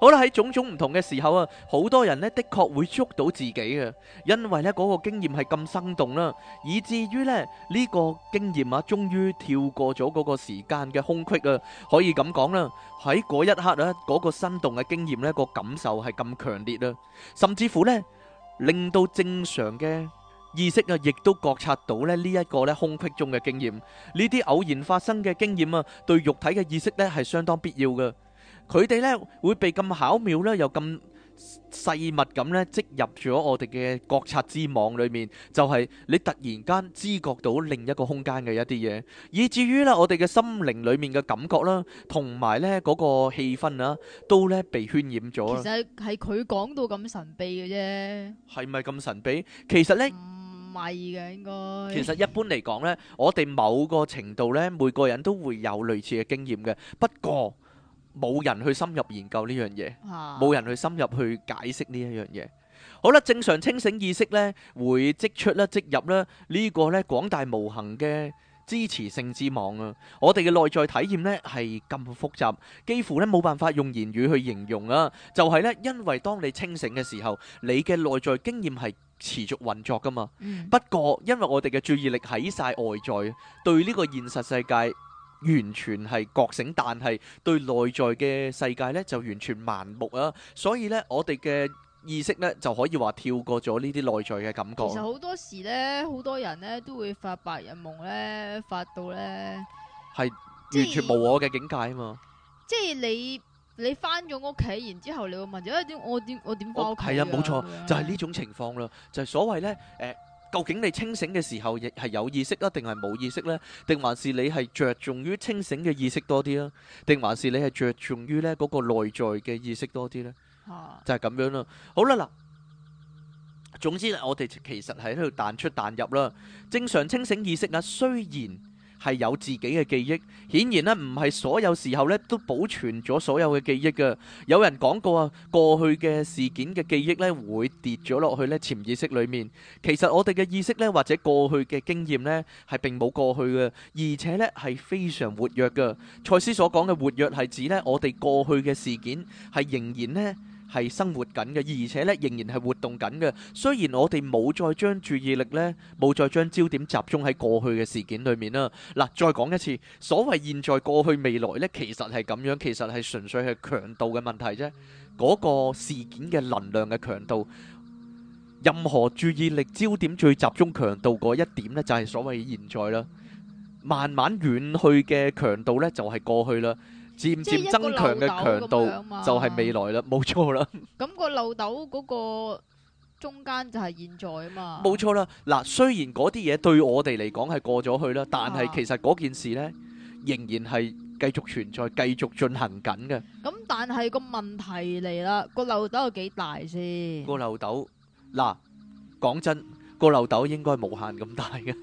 S2: 好啦，喺種種唔同嘅時候啊，好多人呢的確會捉到自己啊，因為呢嗰個經驗係咁生動啦，以至於呢呢個經驗啊，終於跳過咗嗰個時間嘅空隙啊，可以咁講啦。喺嗰一刻啊，嗰個生動嘅經驗呢個感受係咁強烈啊，甚至乎呢令到正常嘅意識啊，亦都覺察到呢呢一個呢空隙中嘅經驗。呢啲偶然發生嘅經驗啊，對肉體嘅意識呢係相當必要嘅。佢哋咧會被咁巧妙咧，又咁細密咁咧，積入咗我哋嘅覺察之網裏面，就係你突然間知覺到另一個空間嘅一啲嘢，以至於啦，我哋嘅心靈裏面嘅感覺啦，同埋咧嗰個氣氛啊，都咧被渲染咗啊！其實
S1: 係佢講到咁神秘嘅啫，
S2: 係咪咁神秘？其實咧
S1: 唔係嘅，應該其實
S2: 一般嚟講咧，我哋某個程度咧，每個人都會有類似嘅經驗嘅，不過，冇人去深入研究呢樣嘢，冇人去深入去解釋呢一樣嘢。好啦，正常清醒意識呢會即出啦、即入啦，呢、這個呢廣大無形嘅支持性之網啊。我哋嘅內在體驗呢係咁複雜，幾乎呢冇辦法用言語去形容啊。就係、是、呢，因為當你清醒嘅時候，你嘅內在經驗係持續運作噶嘛。嗯、不過，因為我哋嘅注意力喺晒外在，對呢個現實世界。完全係覺醒，但係對內在嘅世界咧就完全盲目啊！所以咧，我哋嘅意識咧就可以話跳過咗呢啲內在嘅感覺。其實好
S1: 多時咧，好多人咧都會發白日夢咧，發到咧
S2: 係完全無我嘅境界啊嘛！
S1: 即係你你翻咗屋企，然之後你會問，誒，我點？我點？我點翻屋企？係
S2: 啊，冇錯，就係呢種情況啦，就係所謂咧誒。究竟你清醒嘅時候亦係有意識啊，定係冇意識呢？定還是你係着重於清醒嘅意識多啲啊？定還是你係着重於呢嗰個內在嘅意識多啲呢？就係咁樣啦。好啦嗱，總之我哋其實係喺度彈出彈入啦。正常清醒意識啊，雖然。係有自己嘅記憶，顯然呢唔係所有時候呢都保存咗所有嘅記憶嘅。有人講過啊，過去嘅事件嘅記憶呢會跌咗落去呢潛意識裏面。其實我哋嘅意識呢，或者過去嘅經驗呢，係並冇過去嘅，而且呢係非常活躍嘅。賽斯所講嘅活躍係指呢，我哋過去嘅事件係仍然呢。係生活緊嘅，而且咧仍然係活動緊嘅。雖然我哋冇再將注意力呢，冇再將焦點集中喺過去嘅事件裏面啦。嗱，再講一次，所謂現在、過去、未來呢，其實係咁樣，其實係純粹係強度嘅問題啫。嗰個事件嘅能量嘅強度，任何注意力焦點最集中強度嗰一點呢，就係所謂現在啦。慢慢遠去嘅強度呢，就係過去啦。漸漸增強嘅強度就係未來啦，冇錯啦。
S1: 咁個漏斗嗰個中間就係現在啊嘛。冇
S2: 錯啦，嗱，雖然嗰啲嘢對我哋嚟講係過咗去啦，但係其實嗰件事呢，仍然係繼續存在、繼續進行緊嘅。
S1: 咁但係個問題嚟啦，個漏斗有幾大先？個
S2: 漏斗嗱，講真，個漏斗應該無限咁大嘅，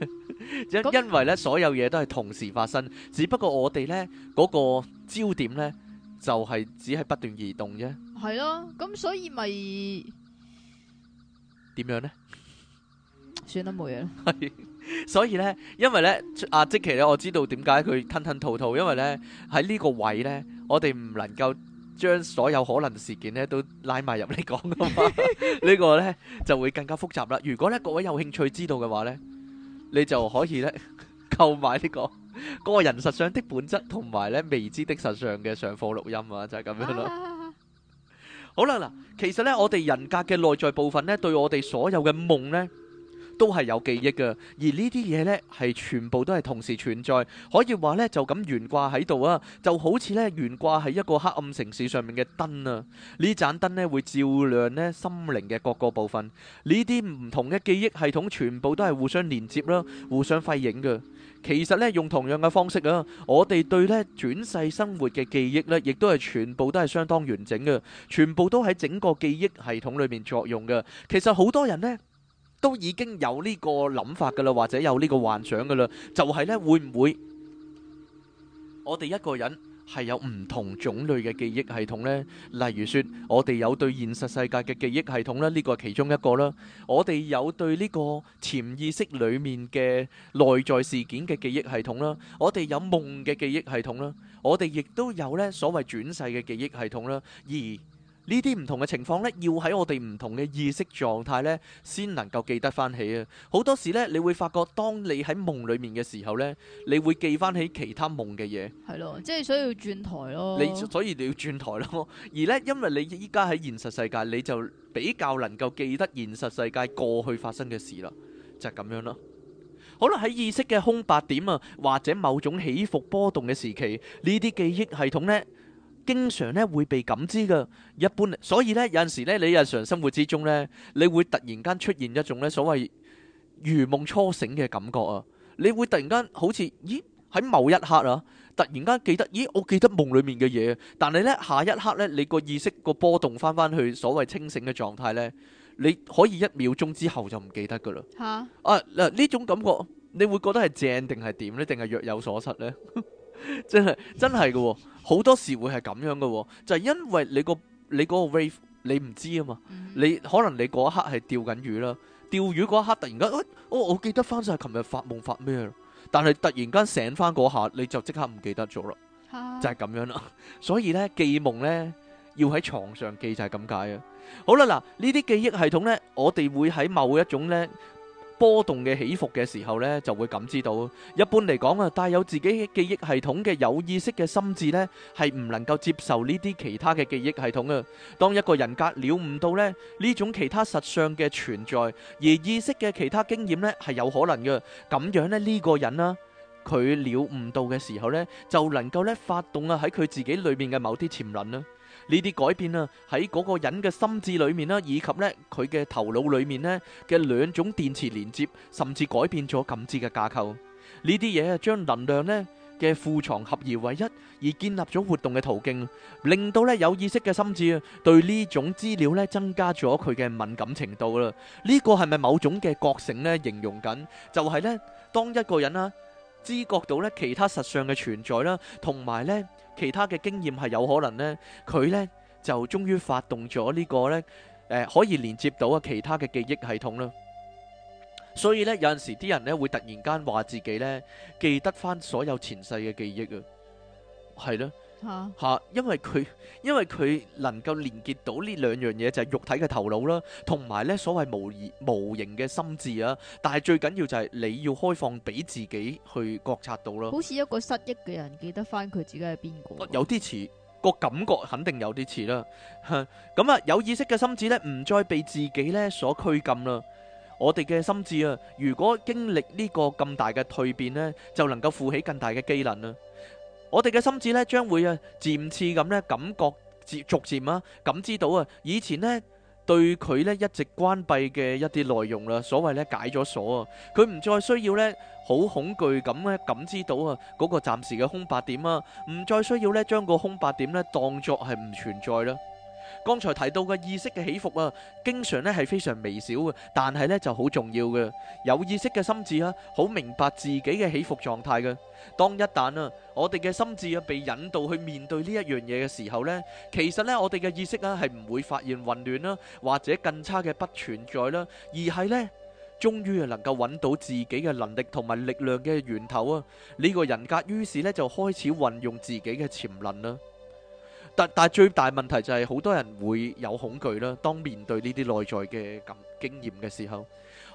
S2: 因因為咧所有嘢都係同時發生，只不過我哋咧嗰個焦點咧就係只係不斷移動啫。
S1: 係咯，咁所以咪
S2: 點樣咧？算啦，冇嘢啦。係，所以咧，因為咧，阿即其咧，我知道點解佢吞吞吐吐，因為咧喺呢個位咧，我哋唔能夠。將所有可能事件咧都拉埋入嚟講嘅話，呢個咧就會更加複雜啦。如果咧各位有興趣知道嘅話咧，你就可以咧購買呢個個人實相的本質同埋咧未知的實相嘅上課錄音啊，就係咁樣咯。好啦，嗱，其實咧我哋人格嘅內在部分咧，對我哋所有嘅夢咧，都係有記憶嘅，而呢啲嘢呢，係全部都係同時存在，可以話呢，就咁懸掛喺度啊，就好似呢懸掛喺一個黑暗城市上面嘅燈啊，呢盞燈呢，會照亮呢心靈嘅各個部分，呢啲唔同嘅記憶系統全部都係互相連接啦，互相輝映嘅。其實呢，用同樣嘅方式啊，我哋對呢轉世生活嘅記憶呢，亦都係全部都係相當完整嘅，全部都喺整個記憶系統裏面作用嘅。其實好多人呢，都已經有呢個諗法噶啦，或者有呢個幻想噶啦，就係呢，會唔會我哋一個人係有唔同種類嘅記憶系統呢？例如說，我哋有對現實世界嘅記憶系統啦，呢個係其中一個啦。我哋有對呢個潛意識裏面嘅內在事件嘅記憶系統啦，我哋有夢嘅記憶系統啦，我哋亦都有呢所謂轉世嘅記憶系統啦，而呢啲唔同嘅情況呢，要喺我哋唔同嘅意識狀態呢，先能夠記得翻起啊！好多時呢，你會發覺，當你喺夢裡面嘅時候呢，你會記翻起其他夢嘅嘢。
S1: 係咯，即係所以要轉台咯。你所
S2: 以你要轉台咯。而呢，因為你依家喺現實世界，你就比較能夠記得現實世界過去發生嘅事啦。就係咁樣啦。好啦，喺意識嘅空白點啊，或者某種起伏波動嘅時期，呢啲記憶系統呢。經常咧會被感知噶，一般，所以咧有陣時咧，你日常生活之中咧，你會突然間出現一種咧所謂如夢初醒嘅感覺啊！你會突然間好似，咦？喺某一刻啊，突然間記得，咦？我記得夢裏面嘅嘢，啊，但係咧下一刻咧，你個意識個波動返返去所謂清醒嘅狀態咧，你可以一秒鐘之後就唔記得噶啦。吓啊！嗱，啊，呢種感覺你會覺得係正定係點咧？定係若有所失咧？ 真係真係噶？好多時會係咁樣嘅，哦，就係、是、因為你、嗰個你嗰個 wave 你唔知啊嘛。嗯、你可能你嗰一刻係釣緊魚啦，釣魚嗰一刻突然間，我、欸哦、我記得翻晒係琴日發夢發咩，但係突然間醒翻嗰下你就即刻唔記得咗啦，就係、是、咁樣啦。啊、 所以咧記夢咧要喺床上記就係咁解啊。好啦，嗱呢啲記憶系統咧，我哋會喺某一種咧。波動嘅起伏嘅時候咧，就會感知到。一般嚟講啊，帶有自己嘅記憶系統嘅有意識嘅心智咧，係唔能夠接受呢啲其他嘅記憶系統嘅。當一個人格了悟到咧呢種其他實相嘅存在，而意識嘅其他經驗咧，係有可能嘅，咁樣咧，呢個人啊，佢了悟到嘅時候咧，就能夠咧發動啊喺佢自己裏面嘅某啲潛能啦。呢啲改變啊，喺嗰個人嘅心智裏面啦，以及咧佢嘅頭腦裏面咧嘅兩種電磁連接，甚至改變咗感知嘅架構。呢啲嘢將能量咧嘅庫藏合而為一，而建立咗活動嘅途徑，令到咧有意識嘅心智對呢種資料咧增加咗佢嘅敏感程度啦。呢個係咪某種嘅覺醒咧形容緊？就係咧，當一個人啦知覺到咧其他實相嘅存在啦，同埋咧。其他嘅經驗係有可能呢，佢呢就終於發動咗呢個呢，誒、呃、可以連接到啊其他嘅記憶系統啦。所以呢，有陣時啲人呢會突然間話自己呢記得翻所有前世嘅記憶啊，係咯。吓，因為佢因為佢能夠連結到呢兩樣嘢，就係肉體嘅頭腦啦，同埋咧所謂無無形嘅心智啊。但係最緊要就係你要開放俾自己去覺察到啦。好似
S1: 一個失憶嘅人記得翻佢自己係邊個？
S2: 有啲似個感覺，肯定有啲似啦。咁啊，有意識嘅心智咧，唔再被自己咧所拘禁啦。我哋嘅心智啊，如果經歷呢個咁大嘅蛻變咧，就能夠負起更大嘅機能啦。我哋嘅心智咧，將會啊漸次咁咧，感覺漸逐漸啊，感知到啊，以前咧對佢咧一直關閉嘅一啲內容啦，所謂咧解咗鎖啊，佢唔再需要咧好恐懼咁咧感知到啊嗰個暫時嘅空白點啊，唔再需要咧將個空白點咧當作係唔存在啦。剛才提到嘅意識嘅起伏啊，經常呢係非常微小嘅，但係呢就好重要嘅。有意識嘅心智啊，好明白自己嘅起伏狀態嘅。當一旦啊，我哋嘅心智啊被引導去面對呢一樣嘢嘅時候呢，其實呢我哋嘅意識啊係唔會發現混亂啦，或者更差嘅不存在啦，而係呢終於啊能夠揾到自己嘅能力同埋力量嘅源頭啊。呢個人格於是呢就開始運用自己嘅潛能啦。但但係最大問題就係好多人會有恐懼啦，當面對呢啲內在嘅咁經驗嘅時候。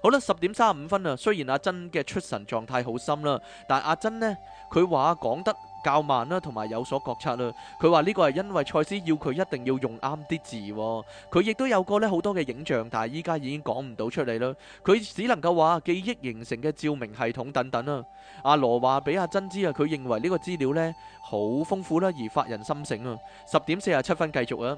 S2: 好啦，十點三十五分啦，雖然阿珍嘅出神狀態好深啦，但阿珍呢，佢話講得較慢啦，同埋有所覺察啦。佢話呢個係因為賽斯要佢一定要用啱啲字。佢亦都有過呢好多嘅影像，但係依家已經講唔到出嚟啦。佢只能夠話記憶形成嘅照明系統等等啦。阿羅話俾阿珍知啊，佢認為呢個資料呢好豐富啦，而發人心醒啊。十點四十七分繼續啊。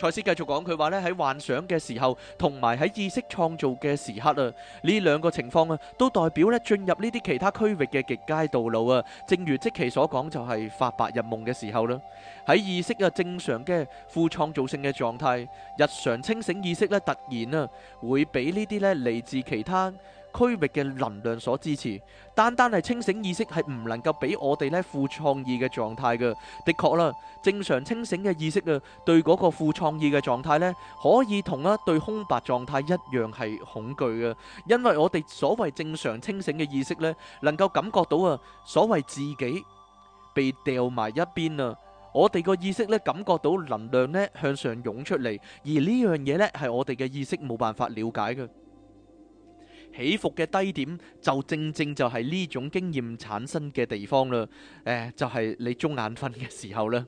S2: 賽斯繼續講，佢話咧喺幻想嘅時候，同埋喺意識創造嘅時刻啊，呢兩個情況啊，都代表咧進入呢啲其他區域嘅極佳道路啊。正如積奇所講，就係發白日夢嘅時候啦。喺意識啊正常嘅富創造性嘅狀態，日常清醒意識咧突然啊會俾呢啲咧嚟自其他區域嘅能量所支持，單單係清醒意識係唔能夠俾我哋呢負創意嘅狀態嘅，的確啦。正常清醒嘅意識啊，對嗰個負創意嘅狀態呢，可以同啦對空白狀態一樣係恐懼嘅，因為我哋所謂正常清醒嘅意識呢，能夠感覺到啊，所謂自己被掉埋一邊啊，我哋個意識呢感覺到能量呢向上湧出嚟，而呢樣嘢呢係我哋嘅意識冇辦法了解嘅。起伏嘅低點就正正就係呢種經驗產生嘅地方啦、呃，就係、是、你睜眼瞓嘅時候啦，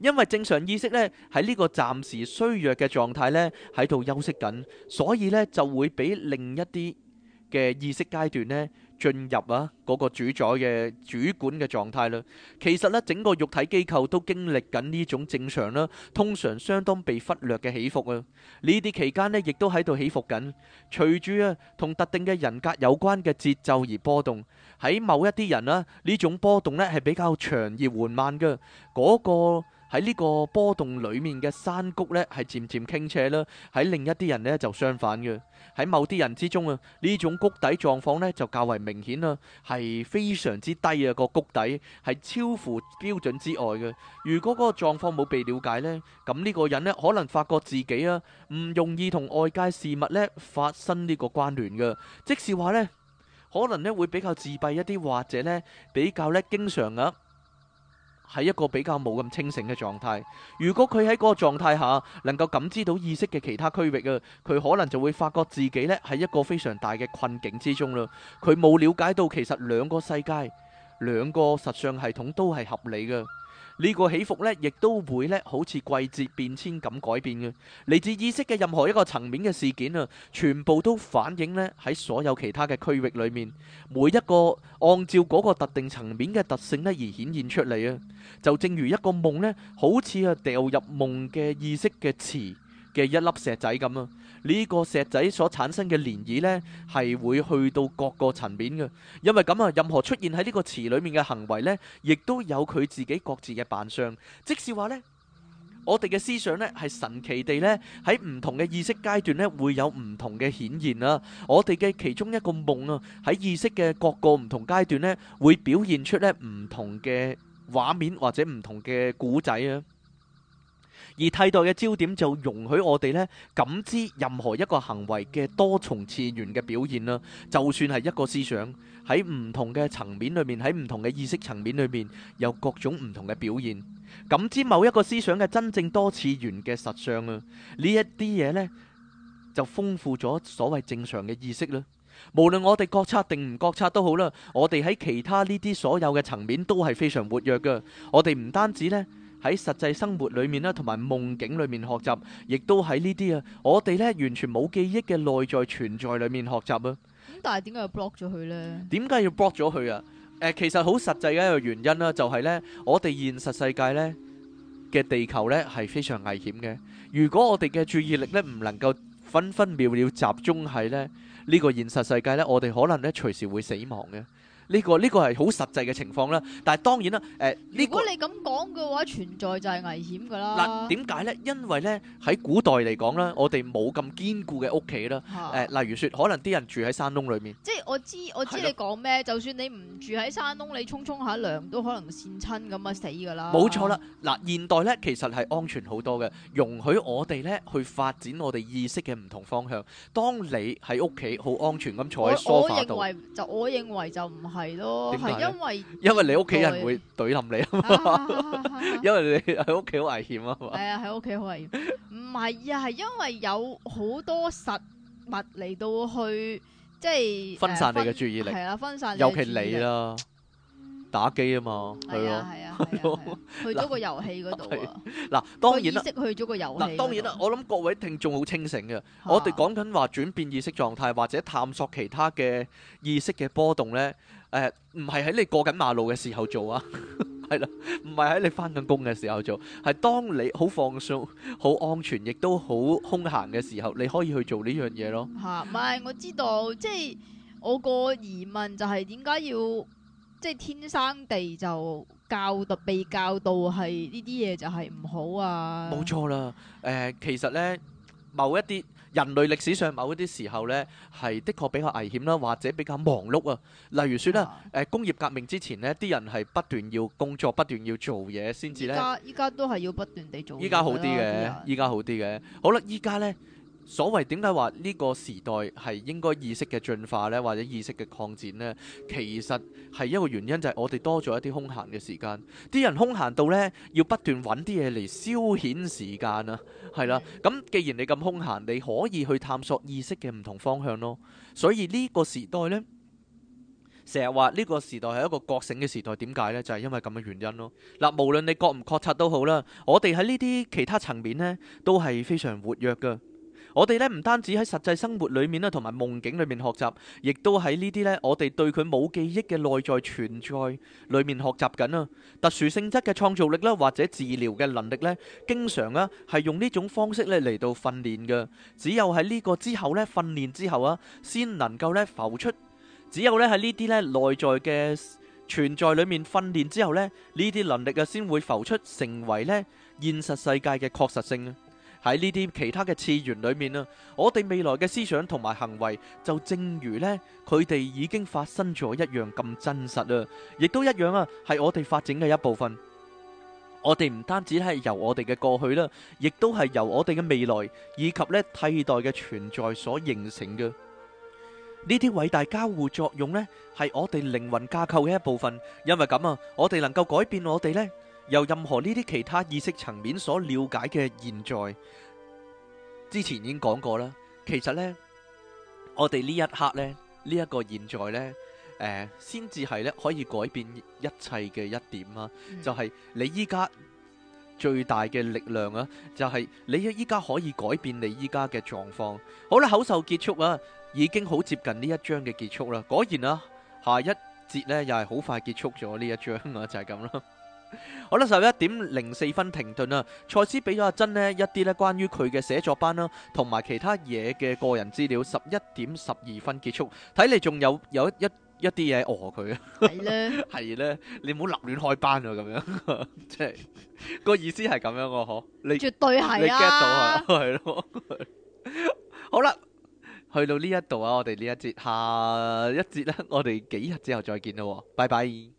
S2: 因為正常意識呢喺呢個暫時衰弱嘅狀態呢喺度休息緊，所以呢就會俾另一啲嘅意識階段呢。進入啊嗰個主宰嘅主管嘅狀態啦，其實呢整個肉體機構都經歷緊呢種正常啦，通常相當被忽略嘅起伏啊，呢啲期間呢亦都喺度起伏緊，隨住啊同特定嘅人格有關嘅節奏而波動，喺某一啲人啦呢種波動呢係比較長而緩慢嘅嗰個。喺呢個波動裏面嘅山谷呢，係漸漸傾斜啦。喺另一啲人呢就相反嘅。喺某啲人之中啊，呢種谷底狀況呢就較為明顯啦，係非常之低啊。個谷底係超乎標準之外嘅。如果嗰個狀況冇被了解呢，咁呢個人呢可能發覺自己啊唔容易同外界事物呢發生呢個關聯嘅。即是話呢，可能呢會比較自閉一啲，或者呢比較呢經常啊。喺一個比較冇咁清醒嘅狀態，如果佢喺嗰個狀態下能夠感知到意識嘅其他區域啊，佢可能就會發覺自己呢係一個非常大嘅困境之中啦。佢冇了解到其實兩個世界、兩個實相系統都係合理嘅。呢個起伏呢，亦都會呢，好似季節變遷咁改變嘅。嚟自意識嘅任何一個層面嘅事件啊，全部都反映呢，喺所有其他嘅區域裏面，每一個按照嗰個特定層面嘅特性呢而顯現出嚟啊。就正如一個夢呢，好似係掉入夢嘅意識嘅池嘅一粒石仔咁啊。呢個石仔所產生嘅漣漪呢，係會去到各個層面嘅。因為咁啊，任何出現喺呢個池裏面嘅行為呢，亦都有佢自己各自嘅扮相。即是話呢，我哋嘅思想呢，係神奇地呢，喺唔同嘅意識階段呢，會有唔同嘅顯現啦、啊。我哋嘅其中一個夢啊，喺意識嘅各個唔同階段呢，會表現出呢唔同嘅畫面或者唔同嘅故仔啊。而替代嘅焦點就容許我哋呢感知任何一個行為嘅多重次元嘅表現啦，就算係一個思想喺唔同嘅層面裏面，喺唔同嘅意識層面裏面有各種唔同嘅表現，感知某一個思想嘅真正多次元嘅實相啊！呢一啲嘢呢，就豐富咗所謂正常嘅意識啦。無論我哋覺察定唔覺察都好啦，我哋喺其他呢啲所有嘅層面都係非常活躍㗎。我哋唔單止呢。喺實際生活裏面啦，同埋夢境裏面學習，亦都喺呢啲啊，我哋咧完全冇記憶嘅內在存在裏面學習啊。
S1: 但係點解要 block 咗佢咧？
S2: 點解要 block 咗佢啊？誒，其實好實際嘅一個原因啦，就係咧，我哋現實世界咧嘅地球咧係非常危險嘅。如果我哋嘅注意力咧唔能夠分分秒秒集中喺咧呢個現實世界咧，我哋可能咧隨時會死亡嘅。呢個呢個係好實際嘅情況啦，但係當然啦，誒
S1: 呢個如果你咁講嘅話，存在就係危險㗎啦。嗱，點
S2: 解咧？因為咧喺古代嚟講啦，我哋冇咁堅固嘅屋企啦，誒，例如説可能啲人住喺山窿裏面。
S1: 即係我知我知你講咩，就算你唔住喺山窿，你沖沖下涼都可能跣親咁啊死㗎啦！冇錯
S2: 啦，嗱，現代咧其實係安全好多嘅，容許我哋咧去發展我哋意識嘅唔同方向。當你喺屋企好安全咁坐喺梳化度，我認
S1: 為就我認為就唔係。係咯，係因為因為你屋企人會
S2: 懟冧你啊嘛，因為你喺屋企好危險啊嘛。係
S1: 啊，喺屋企好危險。唔係啊，係因為有好多實物嚟到去即係分散你嘅注意力。係啊，分散。尤其你啦，
S2: 打機啊嘛，係啊係啊，
S1: 去咗個遊戲嗰度啊。
S2: 嗱，當然啦，意識
S1: 去咗個遊戲。嗱，當然啦，
S2: 我諗各位聽眾好清醒嘅，我哋講緊話轉變意識狀態或者探索其他嘅意識嘅波動咧。誒，唔係喺你過緊馬路嘅時候做啊，係 啦，唔係喺你翻緊工嘅時候做，係當你好放鬆、好安全、亦都好空閒嘅時候，你可以去做呢樣嘢咯。
S1: 吓、啊，唔係我知道，即、就、係、是、我個疑問就係點解要即係、就是、天生地就教到，被教到係呢啲嘢就係唔好啊？冇錯
S2: 啦，誒、呃，其實咧，某一啲。人類歷史上某啲時候呢，係的確比較危險啦，或者比較忙碌啊。例如說咧，誒、呃、工業革命之前呢，啲人係不斷要工作，不斷要做嘢先至呢，
S1: 依家都係要不斷地做。依家好啲嘅，
S2: 依家好啲嘅。好啦，依家呢。所謂點解話呢個時代係應該意識嘅進化呢？或者意識嘅擴展呢？其實係一個原因就係我哋多咗一啲空閒嘅時間。啲人空閒到呢，要不斷揾啲嘢嚟消遣時間啊，係啦。咁既然你咁空閒，你可以去探索意識嘅唔同方向咯。所以呢個時代呢，成日話呢個時代係一個覺醒嘅時代，點解呢？就係因為咁嘅原因咯。嗱，無論你覺唔覺察都好啦，我哋喺呢啲其他層面呢，都係非常活躍噶。我哋呢唔單止喺實際生活裏面啦，同埋夢境裏面學習，亦都喺呢啲呢我哋對佢冇記憶嘅內在存在裏面學習緊啊。特殊性質嘅創造力啦，或者治療嘅能力呢，經常啊係用呢種方式咧嚟到訓練嘅。只有喺呢個之後呢，訓練之後啊，先能夠呢浮出。只有呢喺呢啲呢內在嘅存在裏面訓練之後呢，呢啲能力啊先會浮出，成為呢現實世界嘅確實性啊。喺呢啲其他嘅次元裏面啊，我哋未來嘅思想同埋行為就正如呢，佢哋已經發生咗一樣咁真實啦，亦都一樣啊，係我哋發展嘅一部分。我哋唔單止係由我哋嘅過去啦，亦都係由我哋嘅未來以及呢替代嘅存在所形成嘅。呢啲偉大交互作用呢，係我哋靈魂架構嘅一部分。因為咁啊，我哋能夠改變我哋呢。由任何呢啲其他意識層面所瞭解嘅現在，之前已經講過啦。其實咧，我哋呢一刻咧，呢一個現在咧，誒，先至係咧可以改變一切嘅一點啊。就係你依家最大嘅力量啊，就係你依依家可以改變你依家嘅狀況。好啦，口授結束啊，已經好接近呢一章嘅結束啦。果然啊，下一節咧又係好快結束咗呢一章啊，就係咁咯。好啦，十一點零四分停頓喇。蔡詩畀咗阿珍呢一啲關於佢嘅寫作班囉，同埋其他嘢嘅個人資料。十一點十二分結束，睇嚟仲有有一一啲嘢。哦，佢呀？係咧，係咧，你唔好立亂開班呀。咁樣？即係。個意思係咁樣喎。嗬，你絕對係，你記得咗呀？係囉。好喇，去到呢一度呀，我哋呢一節，下一節呢，我哋幾日之後再見喇喎，拜拜。